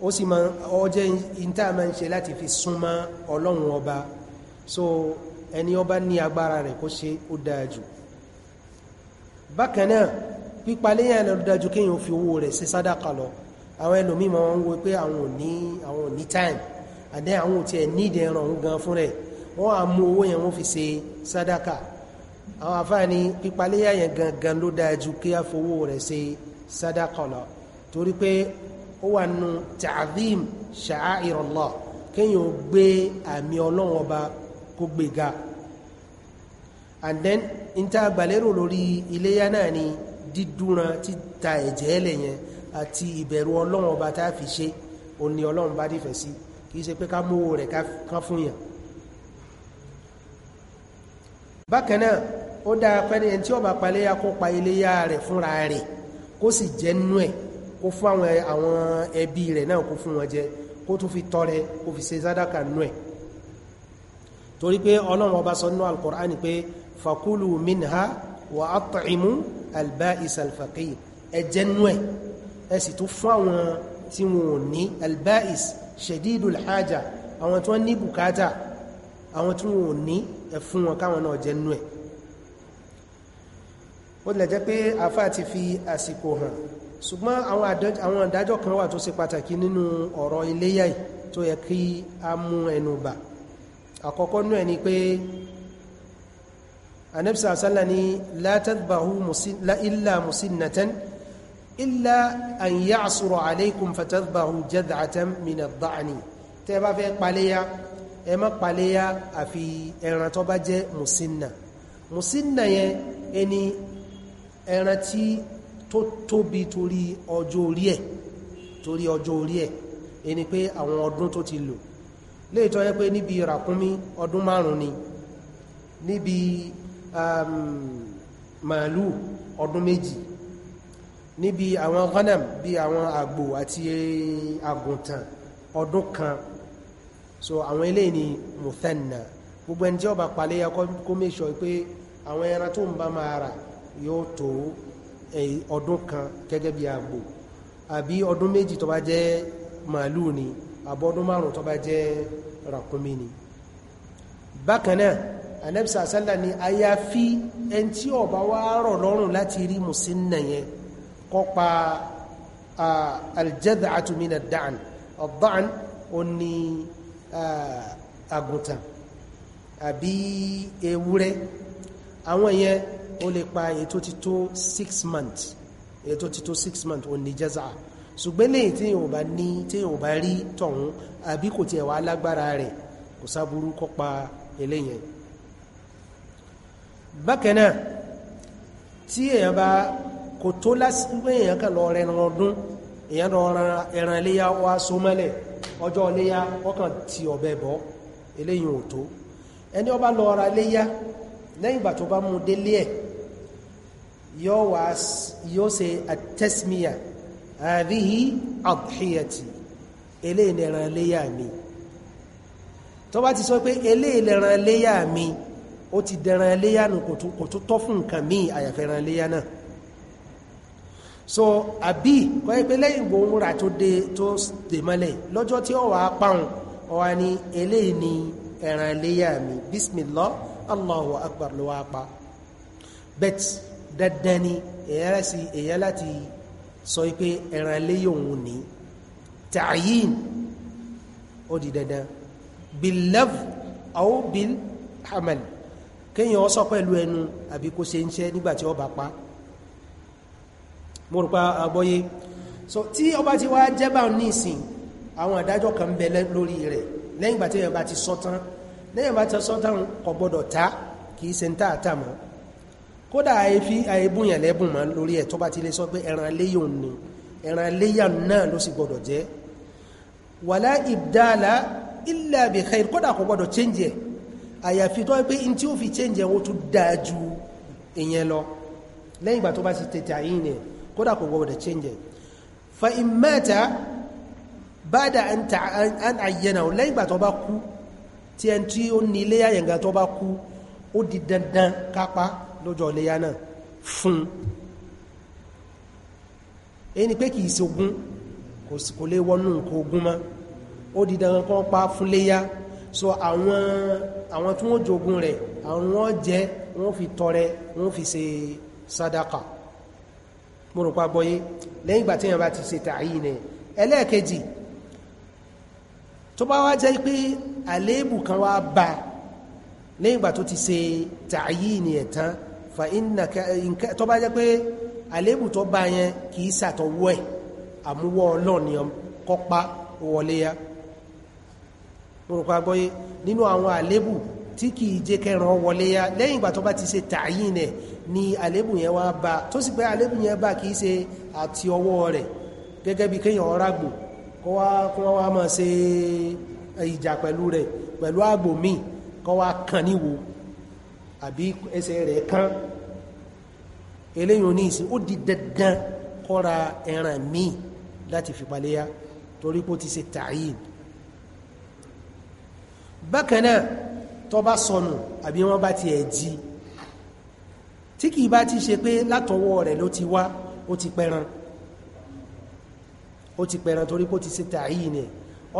ó sì máa ọ jẹ́ ìntà máa ń ṣe láti fi súnmọ́ ọlọ́run ọba so ẹni ọba ní agbára rẹ̀ kó ṣe ó dáa jù bákan náà pípaléyàn lọ dájú kéèyàn fi owó rẹ̀ ṣe sádàkà lọ àwọn ẹlòmíì máa ń wo pé àwọn ò ní àwọn ò ní time àdé àwọn ò tiẹ̀ ní ìdẹ̀ràn òun gan fún rẹ̀ wọ́n á mú owó yẹn wọ́n fi ṣe sádàkà àwọn àfáà ní pípaléyàn gangan ló dáa kí á fowó rẹ̀ ṣe sadakọlọ torí pé ó wà nù ta'zim sha'airallah kéèyàn gbé àmì ọlọ́run ọba kó gbé ga and then níta gbàlérò lórí iléyá náà ni dídúran títa ẹ̀jẹ̀ ẹlẹ́yẹn àti ìbẹ̀rù ọlọ́run ọba tá a fi ṣe òní ọlọ́run bá dìfẹ̀ sí kìí ṣe pé ká mówó rẹ̀ ká fún yàn bákan ó dára pẹ́ni ẹni tí ó bá paléyà kó pa iléyá rẹ̀ fúnra rẹ̀ kó sì jẹ nú ẹ̀ kó fún àwọn àwọn ẹbí rẹ̀ náà kó fún wọn jẹ kó tún fi tọrẹ kó fi ṣe sàdákà nú ẹ̀ torí pé ọlọ́run ọba sọ nú al-Qur'ani àwọn tí wọn ní al àwọn tí wọ́n ní bùkátà wọn káwọn náà jẹ nú ẹ̀ ó lè jẹ́ pé àfá ti fi àsìkò hàn ṣùgbọ́n àwọn àdájọ́ kan wà tó ṣe pàtàkì nínú ọ̀rọ̀ iléyà tó yẹ kí a mú ẹnu bà àkọ́kọ́ nú ẹni pé anẹ́bìsà àsálà ni látàbàhú illa musinnatan illa an ya'sura alaykum fatàbàhú jẹ́ musinna musinna yẹn ẹni ẹran tí tó tóbi torí ọjọ́ orí ẹ̀ torí ọjọ́ orí ẹ̀ ẹni pé àwọn ọdún tó ti lò léètọ́ yẹ pé níbi ràkúnmí ọdún márùn ni níbi um, màálù ọdún méjì níbi àwọn ghanam bí àwọn àgbò àti àgùntàn ọdún kan so àwọn eléyìí ni muthanna gbogbo ẹni tí ó bá paléyà kó make pé àwọn ẹran tó ń bá máa rà yóò tó ọdún kan gẹ́gẹ́ bí àgbò àbí ọdún méjì tó bá jẹ́ màálù ni àbọ́dún márùn tó bá jẹ́ ràkúnmí ni bákanáà anẹ́bìsà àṣálà ni àyàfi ẹn tí ó bá wá rọ̀ lọ́rùn láti rí mùsínà yẹn kọ́pa aljada'atu min ad-da'n ó ní àgùntàn àbí ewúrẹ́ àwọn yẹn ó lè pa ètò tító 6 months ètò tító 6 months ó ní jaza ṣùgbọ́n lè tí yóò bá ní tí yóò bá rí tọ̀hún àbí kò tiẹ̀ wá lágbára rẹ̀ kò sáburú kó pa eléyẹn bákan náà tí èèyàn bá kò tó lásìkò èèyàn kan lọ rẹran ọdún èèyàn lọ ran ẹran iléyà wá so mọ́lẹ̀ ọjọ́ iléyà ọkàn ti ọ̀bẹ bọ́ eléyìn ò tó ẹni ó bá lọ ra iléyà lẹ́yìn ìgbà tó bá mú délé ẹ̀ yóò wá yóò ṣe àtẹ́símíyà àríhí àbúhíyàtì eléyìí lẹ́ran léyà mi tó bá ti sọ pé eléyìí lẹ́ran léyà mi ó ti dẹran léyà nù kò tó tọ́ fún nǹkan míì àyàfẹ́ran léyà náà so àbí kọ́ ẹ pé lẹ́yìn gbòòrùn tó dé tó dè mọ́lẹ̀ lọ́jọ́ tí ó wà á pàun ọwá ni eléyìí ni ẹran léyà mi bismillah allahu akbar ló wá pa bet dandan ni èyàn láti sọ pé ẹran léyìí òun ní ta'yin ó di dandan bil-lafz aw bil-amal kéèyàn sọ pẹ̀lú ẹnu àbí kó ṣe ń ṣẹ́ nígbàtí ó bá pa mo pa àgbọ́yé so tí ó bá ti wá jẹ́bà ní ìsìn àwọn àdájọ́ kan ń bẹ lórí rẹ̀ lẹ́yìn ìgbà tí èèyàn bá ti sọ tán lẹ́yìn bá ti sọ tán gbọ́dọ̀ ta kì í ń tà àtàmọ́ kódà àìfi àìbúyàn lẹ́bùn ma lórí ẹ̀ tó bá ti lè sọ pé ẹran léyàn ni ẹran léyàn náà ló sì gbọdọ̀ jẹ́ wàlá ìbdáàlá illa bi khair kódà kò gbọdọ̀ change ẹ̀ àyàfi tó pé in tí ó fi change ẹ̀ ó dáa ju ìyẹn lọ lẹ́yìn ìgbà tó bá ti tètè àyín ẹ̀ kódà kò gbọdọ̀ change fa ìmẹ́ta bá dà án àyẹnà lẹ́yìn ìgbà tó bá kú tí ẹn tí ó ní iléyà tó bá kú ó di dandan kápá lọ́jọ́ iléyá náà fún ẹni pé kìí sí ogún kò lè wọnú nǹkan ogún mọ́ ó di dandan kan pa fún léyá so àwọn àwọn tí wọ́n jogun rẹ̀ àwọn wọ́n jẹ wọ́n fi tọrẹ wọ́n fi ṣe sadaka mo rò pa gbọ́yé lẹ́yìn ìgbà tí èèyàn bá ti ṣe tààyí nẹ ẹlẹ́ẹ̀kejì tó bá wá jẹ́ pé àléébù kan wá bá lẹ́yìn ìgbà tó ti ṣe tààyí ni ẹ̀tán fa innaka tó bá jẹ́ pé àlébù tó bá yẹn kì í sàtọ̀wọ́ ẹ̀ ni ọlọ́ọ̀ni kọ́pá wọlé ya orúkọ agbóyé nínú àwọn àlébù tí kì í jẹ́ kẹran wọlé ya lẹ́yìn ìgbà tó bá ti ṣe tààyìn ẹ̀ ni àlébù yẹn wá bá tó sì pé àlébù yẹn bá kì í ṣe àti ọwọ́ rẹ̀ gẹ́gẹ́ bí kéèyàn ọ̀rágbò kọ́ wá kọ́ wá máa ṣe ìjà pẹ̀lú rẹ̀ pẹ̀lú àgbò míì kọ́ wá kàn níwò àbí ẹsẹ̀ rẹ̀ kán eléyìn oníìsìn ó di dandan kọ́ra ẹran míì láti fi paléyá torí kó ti ṣe tààyìn bákanáà tó bá sọnù àbí wọ́n bá ti ẹ̀ jí tí kìí bá ti ṣe pé látọwọ́ rẹ̀ ló ti wá ó ti pẹran ó ti pẹran torí kó ti ṣe tààyìn ẹ̀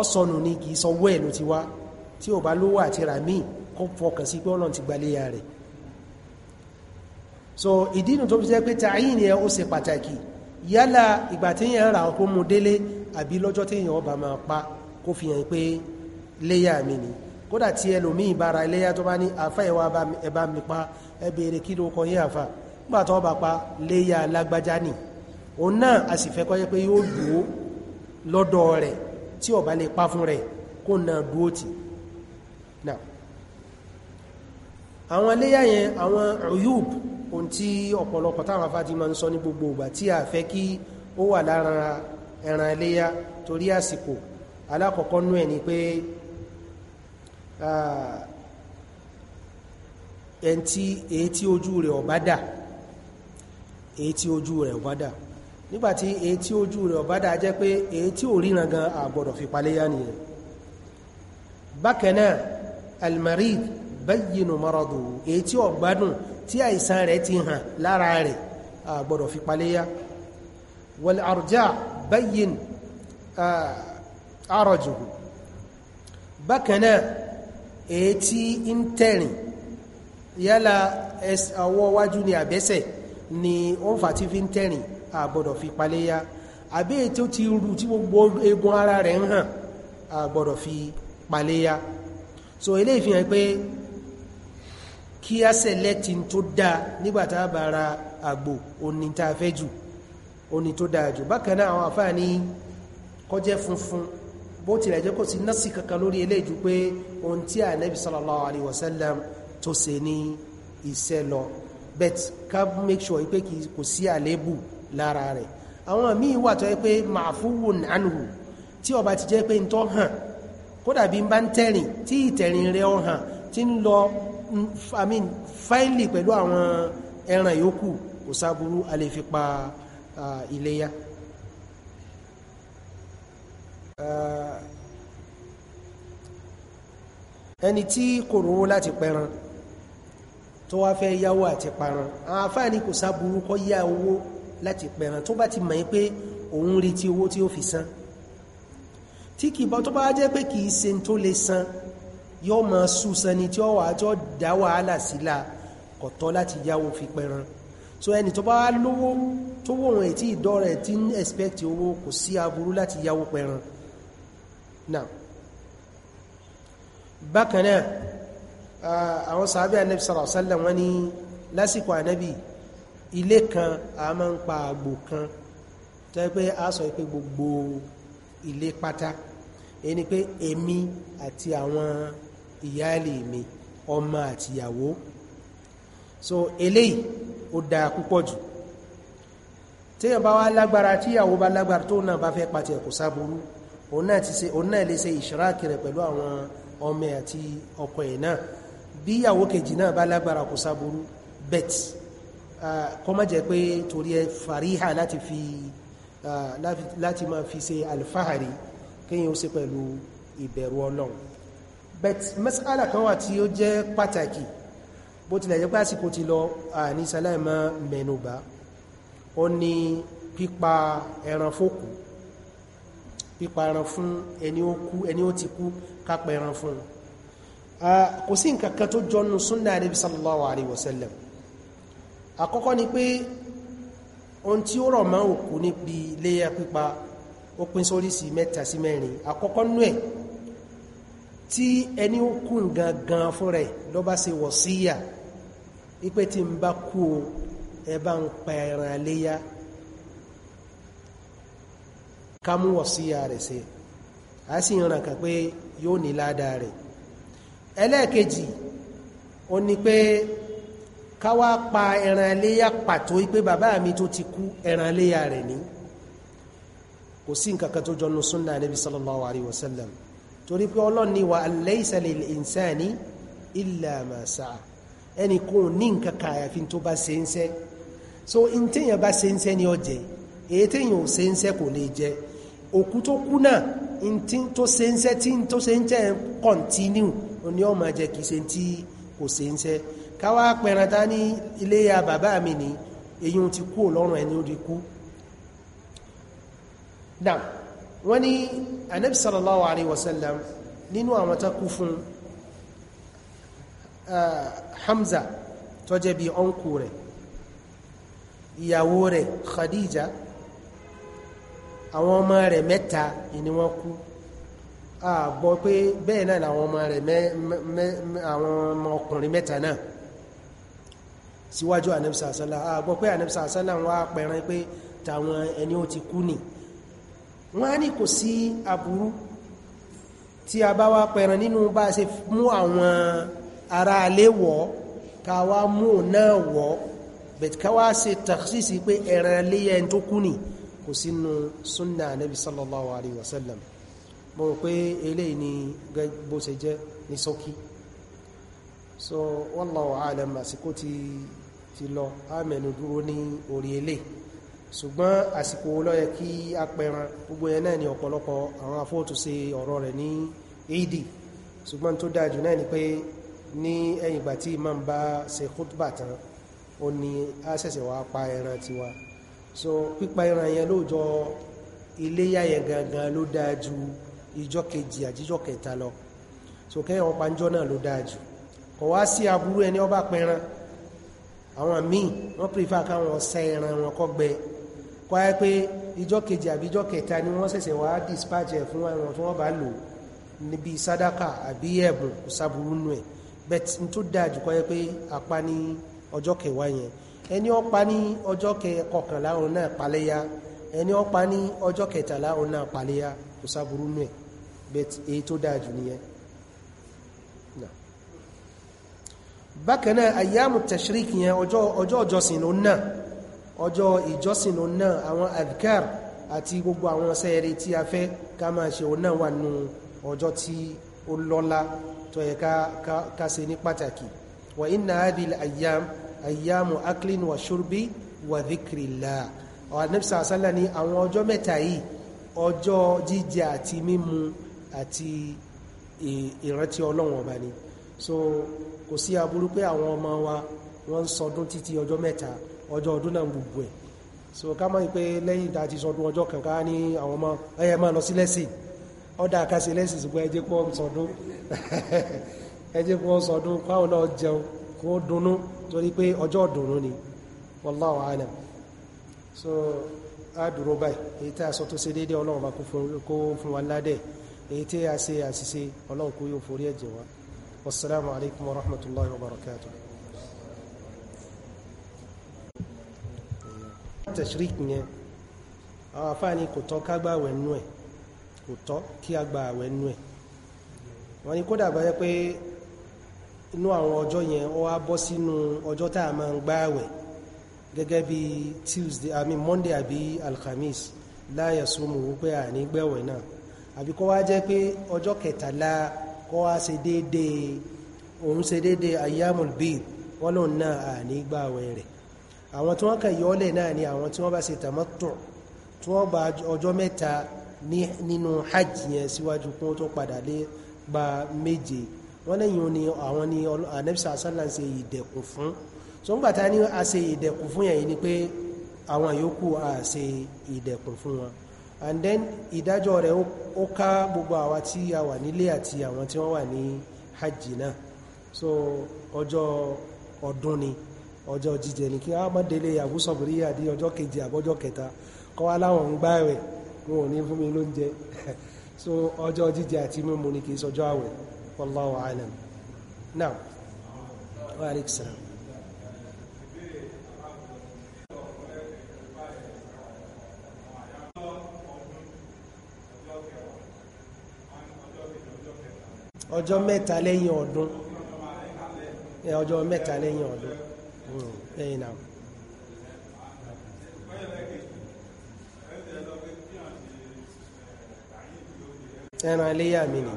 ọ sọnù ni kìí sọ wẹ́ẹ̀ ló ti wá tí ò bá lówó àti ràmíì kó fọkàn sí pé ọlọ́run ti gbaléyà rẹ̀ so ìdínú tó jẹ́ pé tààyìn yẹn ó ṣe pàtàkì yálà ìgbà tí yẹn ra ọkọ̀ mú délé àbí lọ́jọ́ tí yẹn ọba máa pa kó fi hàn pé léyà mi ni kódà tí ẹlòmíì bára léyà tó bá ní àfá ẹwà ẹbá mi pa ẹ béèrè kí ló kọ yẹn àfá nígbà tó bá pa léyà lágbájá ni òun náà a sì fẹ́ kó jẹ́ pé yóò dúó lọ́dọ̀ rẹ̀ tí ọba lè pa fún rẹ̀ kó na dúó tì àwọn léyà yẹn àwọn ọ̀yúùbù ohun tí ọ̀pọ̀lọpọ̀ táwọn afájí máa ń sọ ní gbogbo ìgbà tí a fẹ́ kí ó wà lára ẹran iléyá torí àsìkò alákọ̀ọ́kọ́ nú ẹ̀ ni pé ẹn tí èyí tí ojú rẹ̀ ọ̀bá nígbàtí èyí tí ojú rẹ̀ ọ̀bá jẹ́ pé èyí tí ò ríran gan àgbọ̀dọ̀ fi paléyá nìyẹn bákan náà almarid bayyinu maradu èyí tí ó tí àìsàn rẹ̀ ti hàn lára rẹ̀ a gbọ́dọ̀ fi paléyá wal arjá bayyin arọ̀jùhù bákanáà èyí tí ń tẹ̀rìn yálà ọwọ́ wájú ni àbẹ́sẹ̀ ni ó ń fà tí fi ń tẹ̀rìn a gbọ́dọ̀ fi paléyá àbí èyí tó ti rú tí gbogbo egun ara rẹ̀ ń hàn gbọ́dọ̀ fi paléyá so eléyìí fi hàn pé kí a sẹ̀lẹ́tì tó dáa nígbàtà bára àgbò oní tá a fẹ́ jù oní tó dáa jù bákan náà àwọn àfáà ní kọjẹ́ funfun bó tilẹ̀ jẹ́ kò sí násì kankan lórí eléyìí pé ohun tí ànábì sallallahu alaihi wasallam tó ṣe ní iṣẹ́ bet ká make sure pé kò sí àlébù lára rẹ̀ àwọn míì wà tó yẹ pé ma'fuwun anhu tí ó bá ti jẹ́ pé tí ń lọ mm, fáìlì pẹ̀lú àwọn ẹran yòókù kò sáburú a lè fi pa iléyá ẹni tí kò rówó láti pẹran tó wá fẹ́ yáwó àti paran àwọn afáàní kò sáburú kọ́ yá owó láti pẹran tó bá ti mọ̀ pé òun retí owó tí ó fi san tí kìí bọ́ tó bá jẹ́ pé kìí ṣe tó lè san yóò máa súsan ni tí ó wà tí ó dá wàhálà sílá kọ̀tọ́ láti yáwó fi pẹran so ẹni tó bá lówó tó wòrán ètí ìdọ́ rẹ̀ tí ń expect owó kò sí aburú láti yáwó pẹran náà bákanáà àwọn sàábí ànábì sallallahu alaihi wasallam wọ́n ní lásìkò ànábì ilé kan a máa ń pa àgbò kan tó pé a sọ pé gbogbo ilé pátá èyí pé èmi àti àwọn ìyáálé mi ọmọ àtìyàwó so eléyìí ó dáa púpọ̀ jù téèyàn bá wá lágbára tíyàwó bá lágbára tó náà bá fẹ́ pàtẹ kò sáburú òun náà lè ṣe ìṣiráàkì rẹ̀ pẹ̀lú àwọn ọmọ àti ọkọ ẹ̀ náà bí ìyàwó kejì náà bá lágbára kò sáburú bet kọ́ má jẹ́ pé torí ẹ fàríhà láti fi láti máa fi ṣe alfahari kéèyàn ó ṣe pẹ̀lú ìbẹ̀rù ọlọ́run but masala kan wà tí pataki, jẹ́ pàtàkì bó tilẹ̀ jẹ́ pásíkò ti lọ àní sáláìmọ́ mẹ́nubà ó ní pípa ẹran fókù pípa ẹran fún ẹni ó kú ẹni ó ti kú kápa ẹran fún kò sí nǹkan kan tó jọnu súnnà Ànábì sallallahu alaihi wasallam àkọ́kọ́ ni pé ohun tí ó rọ̀ máa òkú níbi léyà pípa ó pín sórí sí mẹ́ta sí mẹ́rin àkọ́kọ́ nú ẹ̀ tí ẹni ó kú gangan fún rẹ̀ ló bá ṣe wọ̀síyà wípé tí ń bá kú o ẹ bá ń pa ẹran léyá ká mú wọ̀síyà rẹ̀ ṣe a sì ń ràn kàn pé yóò ní ládàá rẹ̀ ẹlẹ́ẹ̀kejì ó ní pé ká wá pa ẹran léyá pàtó wípé bàbá mi tó ti kú ẹran léyá rẹ̀ ní kò sí nǹkan kan tó jọ nù súnnà Ànábì sallallahu alaihi wasallam torí pé ọlọ́run ni wà laysa lil insani illa ma sa'a ẹni kò ní nǹkan kan àyàfi tó bá ṣe ń ṣe so in téèyàn bá ṣe ń ṣe ni ó jẹ èyí téèyàn ò ṣe ń ṣe kò lè jẹ òkú tó kú náà in tí tó ṣe ń ṣe tí tó ṣe ń ṣe kọ̀ntínú ni ó máa jẹ kìí ṣe tí kò ṣe ń ṣe káwá pẹran ta ní iléyà bàbá mi ni èyí ti kú ọlọ́run ẹni ó di kú dáa wọ́n ní anabi sallallahu alaihi wasallam nínú àwọn takú fún uh, hamza tó jẹ́ bí ọ̀nkù rẹ̀ ìyàwó rẹ̀ khadija àwọn ọmọ rẹ̀ mẹ́ta ni wọ́n kú a gbọ́ pé bẹ́ẹ̀ náà làwọn ọmọ rẹ̀ àwọn ọkùnrin mẹ́ta náà síwájú anẹ́bìsà àsánlá a gbọ́ pé anẹ́bìsà àsánlá wọ́n á pẹ̀rẹ́ pé tàwọn ẹni ó ti kú nìí wọ́n á ní kò sí àbúrú tí a bá wá pẹran nínú bá ṣe mú àwọn ara alé wọ́ ká wá mú náà wọ́ bẹ̀t ká wá ṣe tàṣíṣì pé ẹran aléyẹ tó kú ni kò sínú súnnà nabi sallallahu alaihi wasallam mo pé eléyìí ni bó ṣe jẹ́ ní ṣókí so wallahu alam àsìkò ti lọ á mẹ́nu dúró ní orí eléyìí ṣùgbọ́n àsìkò lọ́yẹ kí a pẹran gbogbo ẹ̀ náà ni ọ̀pọ̀lọpọ̀ àwọn afọ́tù ṣe ọ̀rọ̀ rẹ̀ ní ìdí ṣùgbọ́n tó dájú náà ni pé ní ẹ̀yìn ìgbà tí imam bá ṣe khutba tán ó ní a ṣẹ̀ṣẹ̀ wá pa ẹran tiwa so pípa ẹran yẹn lóòjọ́ iléyà yẹn gangan ló dáa ju ìjọ kejì àjíjọ kẹta lọ so kẹ́yìn ọpa ńjọ náà ló dáa jù kò wá sí aburú ẹni ó bá pẹran àwọn míì wọ́n pèfà káwọn ọ̀sẹ̀ ẹran wọn kọ́ kọ́ ẹ pé ìjọ́ kejì àbí ni wọ́n ṣẹ̀ṣẹ̀ wá dispatch ẹ̀ fún àwọn tí wọ́n bá lò níbi sádàkà àbí ẹ̀bùn ẹ̀ bẹ́t n tó dáa kọ́ ẹ pé apá ní ọjọ́ kẹwàá yẹn ẹni pa ní ọjọ́ kọkànlá òun náà paléyà ẹni pa ní ọjọ́ kẹtàlá òun náà paléyà kò ẹ̀ bẹ́t èyí tó ọjọ́ ìjọsìn òun náà àwọn adhkar àti gbogbo àwọn sẹ́ẹ̀rẹ̀ tí a fẹ́ ká máa ṣe òun náà wà nù ọjọ́ tí ó lọ́lá tó yẹ ká ṣe ní pàtàkì wa inna hadhihi al-ayyam ayyamu aklin wa shurbi wa dhikrillah ọ̀nẹ́bísà àsálà ní àwọn ọjọ́ mẹ́ta yìí ọjọ́ jíjẹ àti mímu àti ìrántí ọlọ́run ọba ni so kò sí aburú pé àwọn ọmọ wa wọ́n ń sọdún títí ọjọ́ mẹ́ta ọjọ́ ọdún náà gbogbo ẹ̀ so ká máa ń pé lẹ́yìn tá a ti sọdún ọjọ́ kan ká ní àwọn ọmọ ẹyẹ máa lọ sí lẹ́sìn ọ̀dà àkàṣe lẹ́sìn ṣùgbọ́n ẹjẹ́ pọ́ sọdún [LAUGHS] ẹjẹ́ pọ́ sọdún káwọn náà jẹun kó dunnú torí pé ọjọ́ dunnú ni wallahu alam so a dúró báyìí èyí tí a sọ tó ṣe déédéé ọlọ́run bá kó fún wa ládẹ̀ èyí tí a ṣe àṣìṣe ọlọ́run kó yóò forí ẹ̀jẹ̀ wa wasalaamu alaykum wa rahmatulahi wa barakatuh tashrik yẹn àwọn afáàní kò tọ́ ká gba àwẹ̀ nú ẹ̀ kò tọ́ kí a gba àwẹ̀ nú ẹ̀ wọ́n ní kódà bá yẹ pé inú àwọn ọjọ́ yẹn ó wá bọ́ sínú ọjọ́ tá a máa ń gba àwẹ̀ gẹ́gẹ́ bí tuesday àmì monday àbí alhamis láyà súnmù wípé à ní gbẹ̀wẹ̀ náà àbí kó wá jẹ́ pé ọjọ́ kẹtàlá kó wá ṣe déédéé òun ṣe déédéé ayyamul bid wọ́n lòun náà à ní gbàwẹ̀ rẹ̀ àwọn tí wọ́n kà yọ́lẹ̀ náà ni àwọn tí wọ́n bá ṣe tamattu tí wọ́n gba ọjọ́ mẹ́ta nínú hajj yẹn síwájú kún tó padà lé gba méje wọ́n lẹ́yìn àwọn ni anẹ́bísà sálà ń ṣe ìdẹ̀kùn fún so ńgbà ta ni a ṣe ìdẹ̀kùn fún yẹn ni pé àwọn yòókù a ṣe ìdẹ̀kùn fún wọn and then ìdájọ́ rẹ̀ ó ká gbogbo àwa tí a wà nílé àti àwọn tí wọ́n wà ní hajj so ọjọ́ ọdún ni. ọjọ́ jíjẹ ní kí wọ́n má délé ìyàwó sọ̀bùrí àdí ọjọ́ kejì àbọ́jọ́ kẹta kọ́ wá láwọn ń gbá ẹ̀wẹ̀ wọn ò ní fún [LAUGHS] so ọjọ́ jíjẹ àti mímu ní kì sọjọ́ àwẹ̀ now ọjọ́ mẹ́ta lẹ́yìn ẹ̀yìn náà. ẹran iléyà mi ni.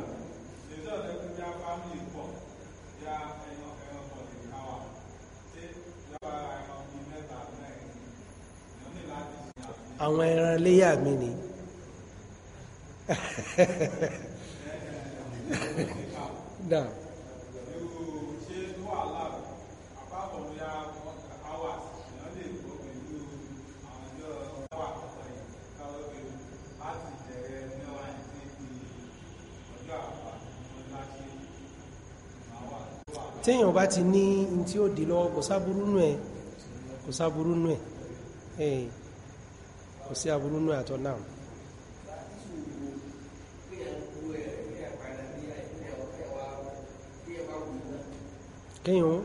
àwọn ẹran iléyà mi ni. [LAUGHS] dáa. téèyàn bá ti ní n tí ó dé lọ́wọ́ kò sáburú nù ẹ̀ kò sáburú nù ẹ̀ kò sí aburú nù ẹ̀ àtọ́ náà. kéèyàn ó.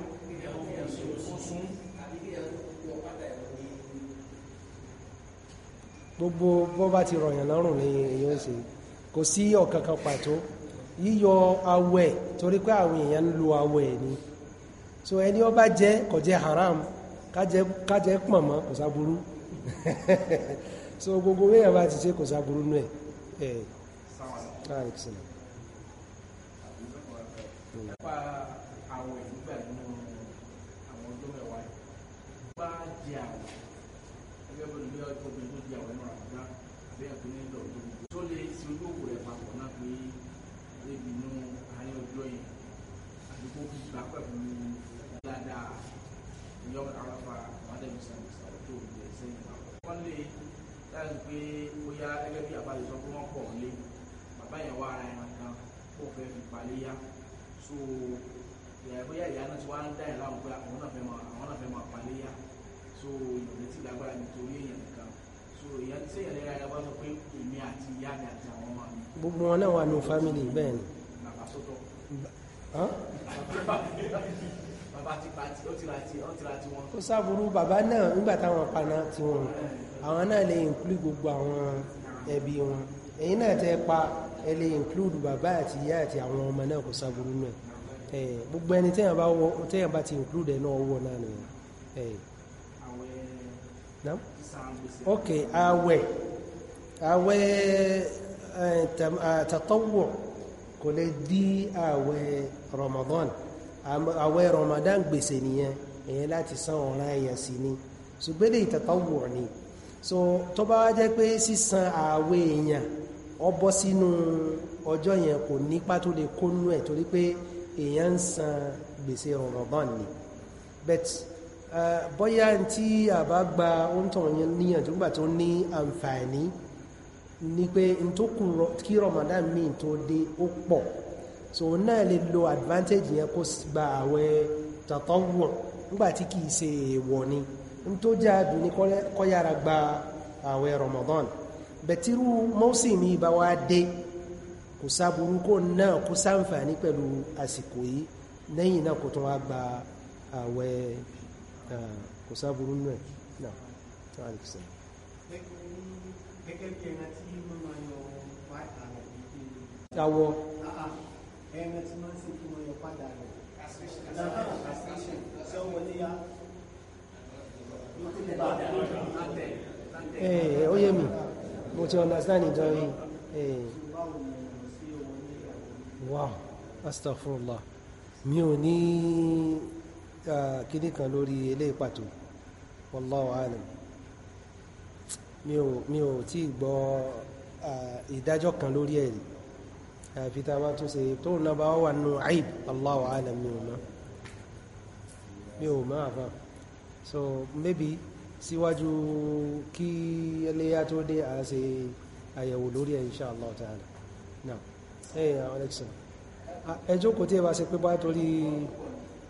gbogbo bó bá ti rọ̀yàn lọ́rùn lẹ́yìn èyí ó ṣe kò sí ọ̀kankan pàtó yíyọ awẹ torí pé àwọn èèyàn ń lo awẹ ni so ẹni ó bá jẹ kò jẹ haram kájẹ kájẹ pọ̀nmọ́ kò sáburú [LAUGHS] so gbogbo èèyàn bá ti ṣe kò sáburú nú ẹ̀ ẹ̀ kó gbà pẹ̀lú dáadáa ìyọ́ àràfà mádẹ́mi sàmùsà tó ń bẹ̀ sẹ́yìn wọ́n lè láti pé ó yá gẹ́gẹ́ bí àbáyé sọ so ìyá bóyá ìyá náà ti wá ń dá ẹ̀ láwọn pé àwọn náà fẹ́ so ìrọ̀lẹ́ ti lágbára nítorí èèyàn so èèyàn tí èèyàn lẹ́yìn ayaba sọ pé èmi àti ìyá mi gbogbo wọn náà wà nù fámìlì bẹ́ẹ̀ ni kó sáburú bàbá náà nígbà táwọn paná ti wọn àwọn náà lè include gbogbo àwọn ẹbí wọn ẹ̀yin náà tẹ́ pa ẹ lè include bàbá àti ìyá àti àwọn ọmọ náà kó sáburú náà gbogbo ẹni tẹ́yàn bá wọ tẹ́yàn bá ti include ẹ̀ náà wọ náà nìyẹn. ok àwẹ̀ àwẹ̀ tatawwu kò lè di àwẹ̀. Ramadan àwẹ̀ Ramadan gbèsè nìyẹn èyàn láti san ọla ẹ̀yàn sí ni ṣùgbọ́n ịtaka tàtàwọ̀ ni so tó bá wá jẹ́ pé sísan àwẹ̀ èyàn ọ sínú ọjọ́ yẹn kò nípa tó lè kónú ẹ̀ torí pé èyàn ń san gbèsè Ramadan ni tí àbá gba oúntọ̀ yẹn níyànjú tó ní àǹfààní ni pé so òun náà lè lo advantage yẹn kó gba àwẹ̀ tàtọ́wọ̀ nígbàtí kìí ṣe èèwọ̀ ni n tó já dùn ní kọ́yára gba àwẹ̀ Ramadan bẹ̀tírú mọ́sìmí bá wá dé kò sáburú kó náà kó sáǹfàní pẹ̀lú àsìkò yìí lẹ́yìn náà kò tún wá gba àwẹ̀ kò sáburú náà àwọ̀ ẹ̀rẹ́ eh, tí máa ń sì fún ọyọ padà rẹ̀ ṣe wọ́n ní ya ẹ̀ ó yé mi mo ti understand ìjọrí ẹ̀ eh. wow astagfirullah mi ò ní kíní kan lórí ilé pàtó wallahu alam mi ò tí gbọ́ ìdájọ́ kan lórí ẹ̀rí àfi tá a bá tún ṣe tó ń nàbà wà nù àìb Allahu alam mi mi ò mọ àfà so maybe síwájú kí ẹlẹ́yà tó dé a ṣe àyẹ̀wò lórí ẹ̀ insha Allah ta'ala now hey alexa ẹjọ́ kò tí ẹ bá ṣe pé bá torí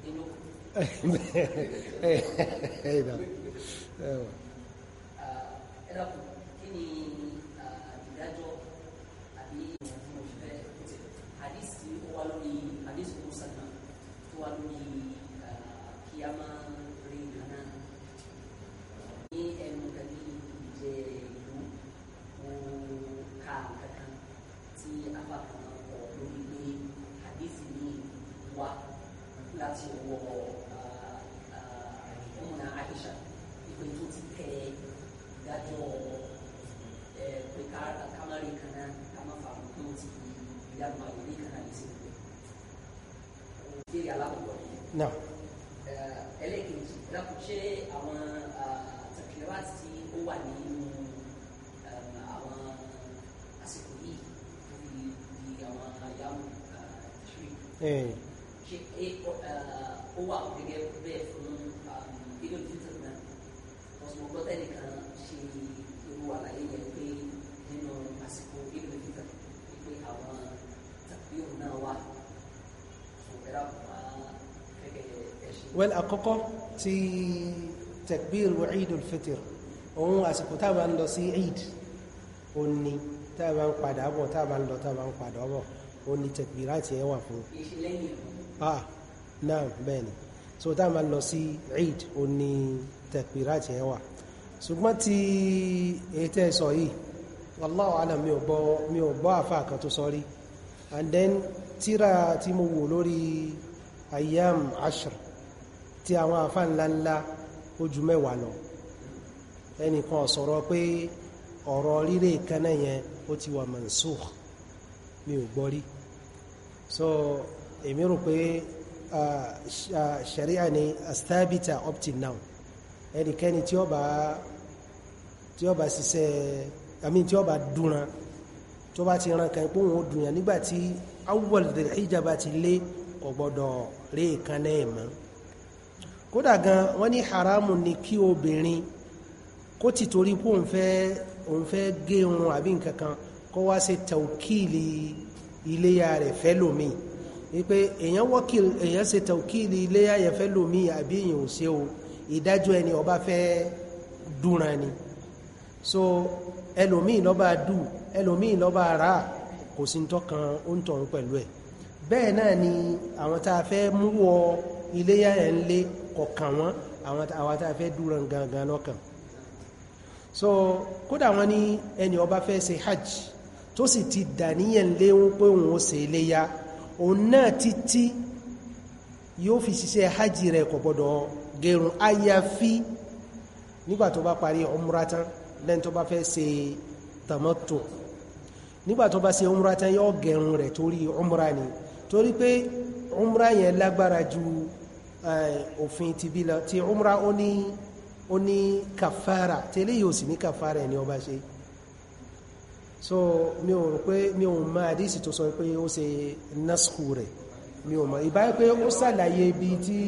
ẹ̀yìn náà ẹ̀yìn náà. wọ́n ẹ̀ pé ká má rí kan náà ká má fa àwọn tó ti ìyá àgbà ìlú kan náà lè ṣe pé ìbéèrè alákọ̀ọ́ yìí. ẹlẹ́kejì dákun ṣé àwọn àtàkìlẹ́wà tí ó wà nínú àwọn àsìkò yìí tó fi di àwọn àyàwó ṣírí ṣe ó wà gẹ́gẹ́ bẹ́ẹ̀ fún ìgbẹ́ òjijì náà wọ́n sì mọ̀ gbọ́tẹ́ nìkan ṣe irú àlàyé yẹn pé nínú àsìkò ìlú ìfẹ́ pé àwọn tàbí òun náà wà ṣòwẹ́rà wà gẹ́gẹ́ ẹ̀ṣin. well àkọ́kọ́ ti takbir wa eid al-fitr òun àsìkò tá ń lọ sí eid ó ní tá ń padà bọ̀ tá ń lọ tá ń padà bọ̀ ó ní takbir àti ẹ̀ fún. ah náà bẹ́ẹ̀ so tá ń lọ sí eid ó ní takbir àti ẹ̀ ṣùgbọ́n ti ètẹ́ sọ yìí wallahu alam mi ò gbọ́ mi ò gbọ́ àfáà kan tó sọ rí and then tíra tí mo wò lórí ayyam ashr tí àwọn àfáà ńláńlá ojú mẹ́wàá lọ ẹnìkan sọ̀rọ̀ pé ọ̀rọ̀ rírè kaná yẹn ó ti wà mansukh mi ò gbọ́ rí so èmi rò pé sharia ah, ah, ni astabita up till now ẹnikẹ́ni tí ó bá tí ó bá ṣiṣẹ́ àmì tí ó bá dúnra tó bá ti ran kan pé òun ó dùnyàn nígbà tí awwal dhil hijja ti lé kò rí ìkan náà mọ́ kódà gan wọ́n ní haramu ni kí obìnrin kó ti torí pé òun fẹ́ òun fẹ́ gé irun àbí nǹkan kan kó wá ṣe tàùkìlì iléyà rẹ̀ fẹ́ lómi wípé èèyàn wọ́kìlì èèyàn ṣe tàùkìlì iléyà yẹn fẹ́ lómi àbí èèyàn ò ṣe o ìdájọ́ ẹni ọba fẹ́ dúnra ni so ẹlòmíì lọ́ba dù ẹlòmíì lọ́ba ra, kò sí tọ́kan oúntọ̀run pẹ̀lú ẹ̀ bẹ́ẹ̀ náà ni àwọn tá fẹ́ mú wọ iléyà ẹ̀ ń lé kọ̀kan wọn àwọn tá fẹ́ dúnra gangan lọ́kàn so kódà wọn ní ẹni ọba fẹ́ ṣe hajj tó sì ti dàníyàn lé wọn pé òun ó ṣe iléyà òun náà títí yóò fi ṣiṣẹ́ hajj rẹ̀ kò gẹrun àyàfi nígbà tó bá parí umra tán lẹ́yìn tó bá fẹ́ ṣe tamattu nígbà tó bá ṣe umra tán yóò rẹ̀ torí umra ni torí pé umra yẹn lágbára ju eh, òfin ti bí lọ ti umra ó ní ó ní kàfàrà tẹ́lẹ̀ yóò sì ní kàfàrà ẹni ọba ṣe so mi ò rò pé mi ò máa àdísì tó sọ pé ó ṣe násìkò rẹ̀ mi ò mọ̀ ìbáyé pé ó sàlàyé ibi tí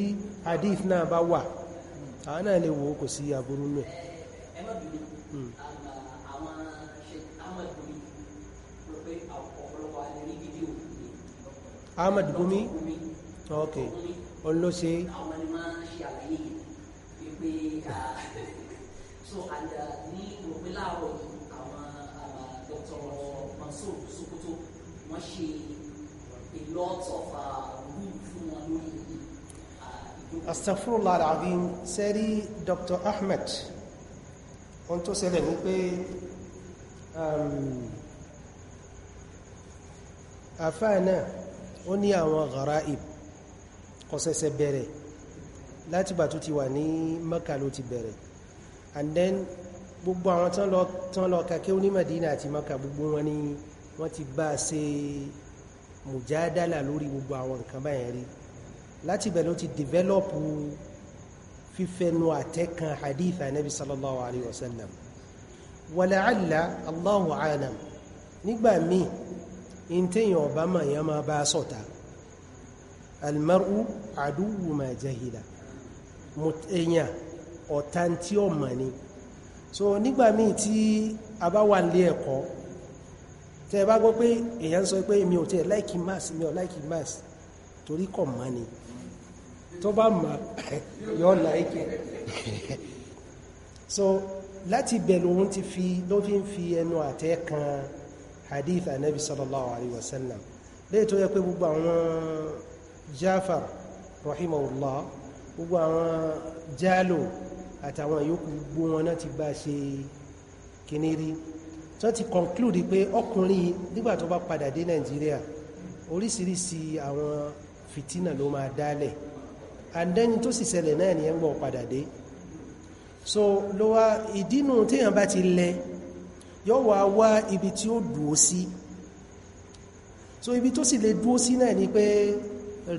hadith náà bá wà àwọn náà lè wò ó kò sí aburú náà hmm. Ahmad Gumi ok olóṣe ah, [LAUGHS] so uh, a lot of room fún wọn Astaghfirullah al-Azim sẹ́rí Dr. Ahmed ohun tó ṣẹlẹ̀ ni pé um, àfáà náà ó ní àwọn gharaib kò ṣẹ̀ṣẹ̀ bẹ̀rẹ̀ láti bàtú ti wà ní Mẹ́kà ló ti bẹ̀rẹ̀ and then gbogbo àwọn tán lọ kàkẹ́ oní Madina àti Mẹ́kà gbogbo wọn ni wọ́n ti bá ṣe mujadala lórí gbogbo àwọn nǹkan báyẹn rí láti bẹ̀ ló ti dìvẹ́lọ́pù fífẹnu àtẹ́kan hadith anabi sallallahu alayhi wa sallam wàlàálà allahu alam nígbà míì in téèyàn ọba mà yẹn máa bá sọ̀tà almaru aduwu ma jahila èèyàn ọ̀tá tí ni so nígbà míì tí a bá wà nílé ẹ̀kọ́ tẹ́ ẹ bá gbọ́ pé èèyàn sọ pé mi ò tiẹ̀ láìkí mass mi ò láìkí mass torí kọ̀ mọ́ ni tó bá mọ̀ [LAUGHS] yọ láìkí [LAUGHS] so láti bẹ̀rẹ̀ òun ti fi ló fi ń fi ẹnu àtẹ́ kan hadith anabi sallallahu alayhi wa sallam léè tó yẹ pé gbogbo àwọn Jafar rahimahullah gbogbo àwọn Jalo àtàwọn yòókù gbogbo wọn náà ti bá ṣe kíní tó ti conclude pé ọkùnrin nígbà tó bá padà dé Nàìjíríà oríṣiríṣi àwọn fìtínà ló máa dálẹ̀ and then tó sì ṣẹlẹ̀ náà ni ẹ ń gbọ́ padà dé so ló wá ìdínú téèyàn bá ti lẹ yóò wá wá ibi tí ó dúó sí so ibi tó sì lè dúó sí náà ni pé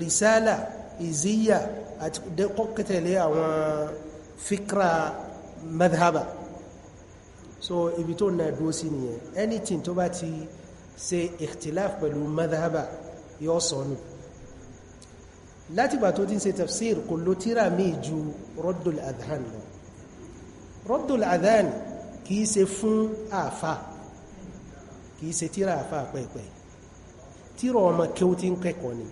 risala ìzíyà àti kọ́kẹ́tẹ̀lé àwọn fikra madhaba so ibi tó na dúró sí nìyẹn anything tó bá ti ṣe ikhtilaf pẹ̀lú madhaba yóò sọnù látìgbà tó ti ń ṣe tafsir kò ló tíra míì ju Raddul Adhan lọ Raddul Adhan kìí ṣe fún àfà kìí ṣe tíra àfà pẹ̀pẹ̀ tíra ọmọ kéwú tí ń kẹ́kọ̀ọ́ ni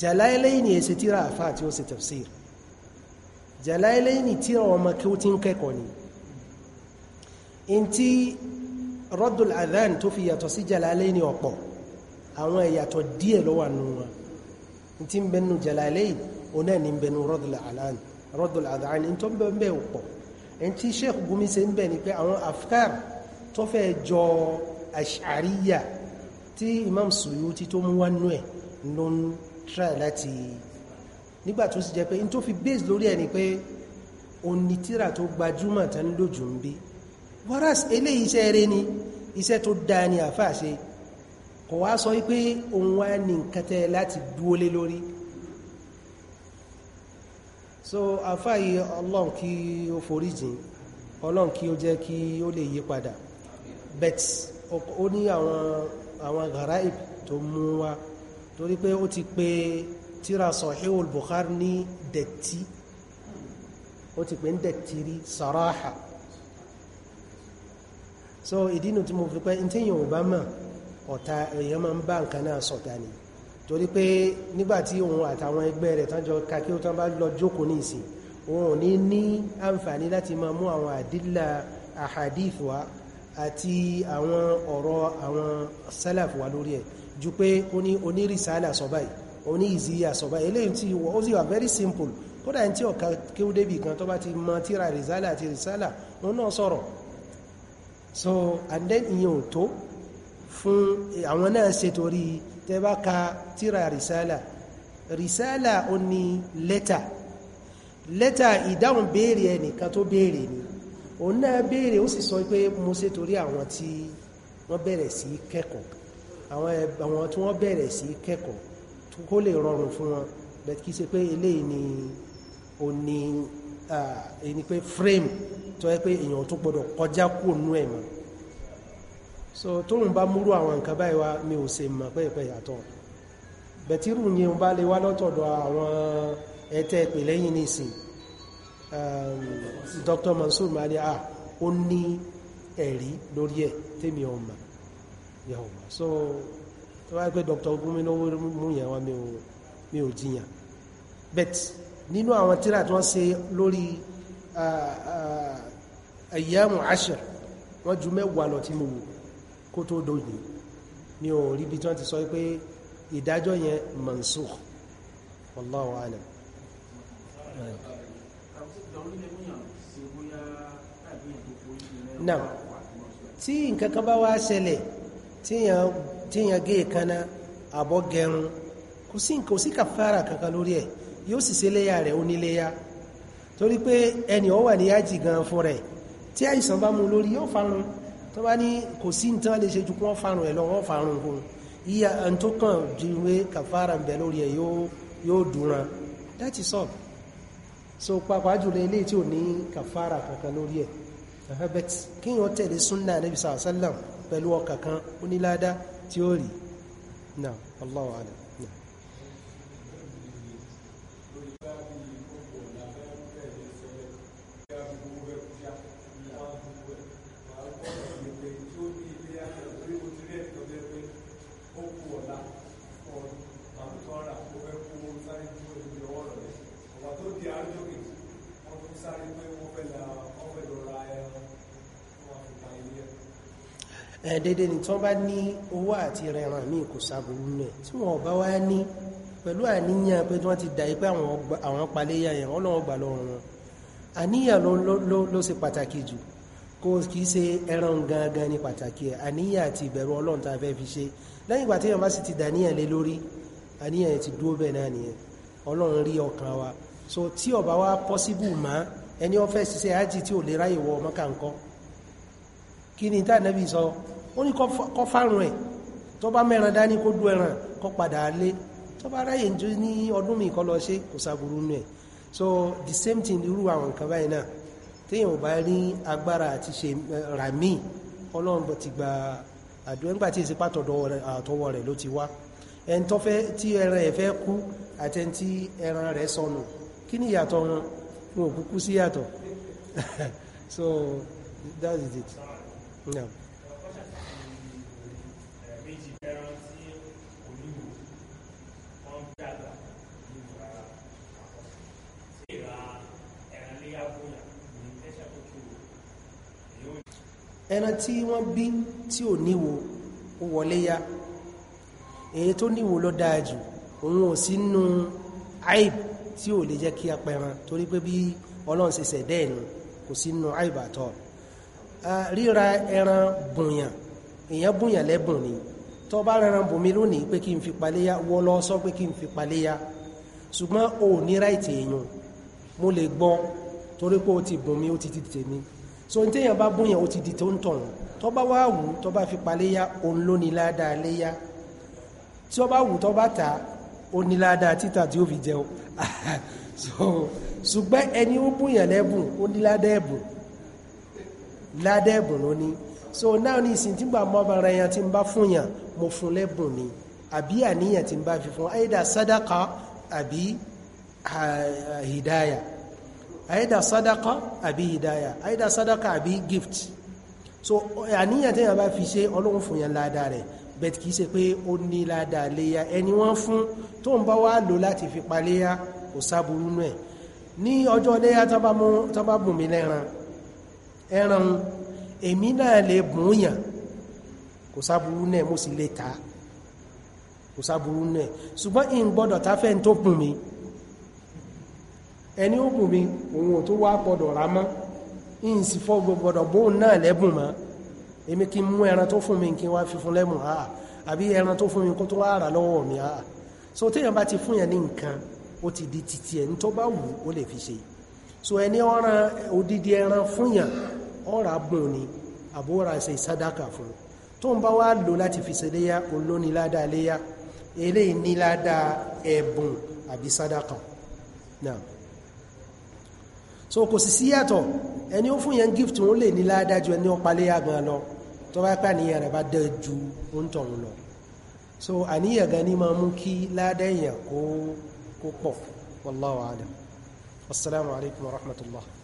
Jalalaini ṣe tíra àfà tí ó ṣe tafsir Jalalaini tíra ọmọ kéwú tí ń kẹ́kọ̀ọ́ ni in tí rọ́dùl adhan tó fi yàtọ̀ sí Jalalaini ọ̀pọ̀ àwọn ìyàtọ̀ díẹ̀ ló wà nù wọn in tí ń bẹnu Jalalaini òun náà ní ń bẹnu rọ́dùl adhan rọ́dùl adhan in tó ń bẹnu bẹ́ẹ̀ ọ̀pọ̀ in tí Sheikh Gumi ṣe ń bẹ̀ ni pé àwọn afkar tó fẹ́ jọ ash'ariya tí Imam Suyuti tó mú wánú ẹ̀ ló ń try láti nígbà tó sì jẹ́ pé in tó fi base lórí ẹ̀ ni pé onítìrà tó gbajúmọ̀ tán lójú ń bíi whereas eléyìí iṣẹ́ rẹ ni iṣẹ́ tó dáa ni àfáà ṣe kò wá sọ wípé òun wá ní nǹkan tẹ́ láti dúó lé lórí so àfáà yìí ọlọ́run kí ó foríjìn ọlọ́run kí ó jẹ́ kí ó lè yí padà bet ó ní àwọn àwọn garaib tó mú wá torí pé ó ti pè tíra Sahihul Bukhari ní dẹ̀tí ó ti pè ń dẹ̀tí rí saraha so ìdínú tí mo fi pẹ́ tí èèyàn ò bá mọ̀ ọ̀tá èèyàn máa ń bá nǹkan náà sọ̀tá ni torí pé nígbàtí òun àtàwọn ẹgbẹ́ rẹ̀ tán jọ kakí ó tán bá lọ jókòó ní ìsìn òun ò ní ní àǹfààní láti máa mú àwọn àdílà ahadith wa àti àwọn ọ̀rọ̀ àwọn sálàf lórí ẹ̀ ju pé ó ní onírísàálà sọ báyìí oní ìzíyà sọ eléyìí tí ó sì wà very simple kódà ní tí ọ̀ka kéwú débì kan tó bá ti mọ tíra rìsálà àti rìsálà òun náà sọ̀rọ̀ so and then ìyẹn ò tó fún àwọn náà ṣe torí tẹ́bá ka tíra rìsálà rìsálà ó ní lẹ́tà lẹ́tà ìdáhùn béèrè ẹnìkan tó béèrè ni òun náà béèrè ó sì sọ pé mo ṣe torí àwọn tí wọ́n bẹ̀rẹ̀ sí kẹ́kọ̀ọ́ àwọn tí wọ́n bẹ̀rẹ̀ sí kẹ́kọ̀ọ́ kó lè rọrùn fún wọn bẹ̀t kí ṣe pé eléyìí ni ó ní ẹni pé frame tó yẹ pé èèyàn tó gbọdọ̀ kọjá kúrò nú ẹ̀ mọ́ so tóun bá múrú àwọn nǹkan báyìí wá mi ò ṣe mọ̀ pẹ́ẹ́pẹ́ yàtọ̀ bẹ̀tírù ni n bá lè wá lọ́tọ̀dọ̀ àwọn ẹ̀tẹ́ ìpè lẹ́yìn nísìn Dr. Mansour mali a ó ní ẹ̀rí lórí ẹ̀ tèmi ọmọ yàwó so tó wáyé pé Dr. gúnmi ló mú yàn wá mi ò jiyàn bet nínú àwọn tíra tí wọ́n ṣe lórí ayyamu ashir wọ́n ju mẹ́wàá lọ tí mo wò kó tó dòní ní orí ti sọ pe ìdájọ́ yẹn mansukh wallahu alam náà tí ti bá wá sele ti yàn gé ìkaná ko si kò sí nǹkan sí kàfàrà kankan lórí ẹ̀ yóò sì ṣe léyà rẹ̀ oníléyà torí pé ẹni ó wà ní gan tí àìsàn bá mú lórí yóò farun tó bá ní kò sí nǹkan lè ṣe ju kí wọ́n farun ẹ̀ lọ wọ́n farun kò ìyà ẹni tó kàn di wé kàfàrà ń bẹ lórí ẹ̀ yóò dúnra that is all so pàápàá jùlọ ilé tí ò ní kàfàrà kankan lórí ẹ̀ ẹ̀hẹ́bẹ̀t kí wọ́n tẹ̀lé súnnà Nabi sallallahu pẹ̀lú ọkà kan tí ó rí náà Allahu a'lam dédé ni tí wọ́n bá ní owó àti rẹran míì kò sáburú rẹ̀ tí wọ́n bá wá ní pẹ̀lú àníyàn pé tí wọ́n ti dà ipé àwọn paléyà yẹn ọlọ́run gbà lọ́wọ́ wọn àníyàn ló ṣe pàtàkì jù kò kìí ṣe ẹran gangan ní pàtàkì ẹ̀ àníyàn àti ìbẹ̀rù ọlọ́run tá a fẹ́ fi ṣe lẹ́yìn ìgbà tí bá sì ti dàníyàn lé lórí àníyàn ti dúró bẹ́ẹ̀ náà nìyẹn ọlọ́run rí ọkàn wa so tí ó bá wá possible mọ́ ẹni ó fẹ́ ṣiṣẹ́ ájì tí ò lè ráyè wọ ọmọ kà kí ni tá ànábì sọ ó ní kọ́ fárun ẹ̀ tó bá mẹ́ran dání kó dú ẹran kọ́ padà lé tó bá ráyè ń ní ọdún mi kọ́ lọ ṣe kò sàbùrú nù ẹ̀ so the same thing irú àwọn nǹkan báyìí náà téèyàn ò bá rí agbára àti ṣe eh, rà míì ọlọ́run ti gba àdúrà nígbà tí ìsìpá àtọwọ́ rẹ̀ ló ti wá ẹni tó fẹ́ tí ẹran ẹ̀ fẹ́ kú àti ẹni tí ẹran rẹ̀ sọnù kí ni ìyàtọ̀ wọn wọn ò kúkú sí yàtọ̀ [LAUGHS] so that is it. No. ẹran tí wọ́n bí tí ò níwo ó wọlé yá èyí tó níwo lọ dáa jù òun ò sí nú aib tí ò lè jẹ́ kí apẹran torí pé bí ọlọ́run ṣe ṣẹ̀dẹ́ ẹ̀nu kò sí nú aib àtọ́ọ̀ ríra ẹran bùnyàn èèyàn bùnyàn lẹ́bùn ni tó bá rẹran bùnmi lónìí pé kí n fi paléyà wọ́ lọ sọ pé kí n fi paléyà ṣùgbọ́n o ní ráìtì èèyàn mo lè gbọ́ torí pé o ti bùnmi o ti ti tèmi so ní téèyàn bá bùnyàn o ti di tó ń tọ̀hún tó bá wá wù tó bá fi paléyà òun ló ní ládàá léyà tí ó bá wù tó bá ta ó ní ládàá títà tí ó fi jẹun [LAUGHS] so ṣùgbọ́n ẹni ó bùnyàn lẹ́bùn ó ní ládàá ẹ̀bùn ládẹ́bùn ló ní so náà ní ìsìn tí gbà mọ́ bara yẹn tí ń bá fún yàn mo fún lẹ́bùn ni àbí àníyàn tí ń bá fi fún àìdá sadaka àbí hidaya àìdá sadaka àbí hidaya àìdá sadaka àbí gift so àníyàn tí yàn bá fi ṣe ọlọ́run fún yàn ládàá rẹ̀ bẹ́ẹ̀ kìí ṣe pé ó ní ládàá léyà ẹni wọ́n fún tó ń bá wá lò láti fi paléyà kò sáburú nù ní ọjọ́ léyà tó bá ẹran èmi náà lè bùn yàn kò sáburú náà mo sì lè ta kò sáburú náà ṣùgbọ́n in gbọ́dọ̀ ta fẹ́ tó bùn mi ẹni ó bùn mi òun tó wá gbọ́dọ̀ rà mọ́ in sì fọ́ gbọ́dọ̀ bóun náà lẹ́bùn mọ́ èmi kí mú ẹran tó fún mi kí wá fi fún ha àbí ẹran tó fún mi kó tó wá rà lọ́wọ́ mi ha so téèyàn bá ti fún yẹn ní di titi tó bá so ẹni ọ̀ràn odidi ẹran fúnyàn ọ̀rà gbọ́n ni àbúrà ṣe sádàkà fún tó ń bá wá lò láti fi ṣẹléyà olóniládà léyà eléyìí níládà ẹ̀bùn àbí sádàkà náà so kò sì síyàtọ̀ ẹni ó fún yẹn gift wọn lè ní ládájú ẹni ó paléyà gan lọ tó bá pà níyàn rẹ̀ bá dẹ̀ ju ń lọ so àníyàn gan ní máa mú kí ládẹ́yàn kó pọ̀ wallahu والسلام عليكم ورحمة الله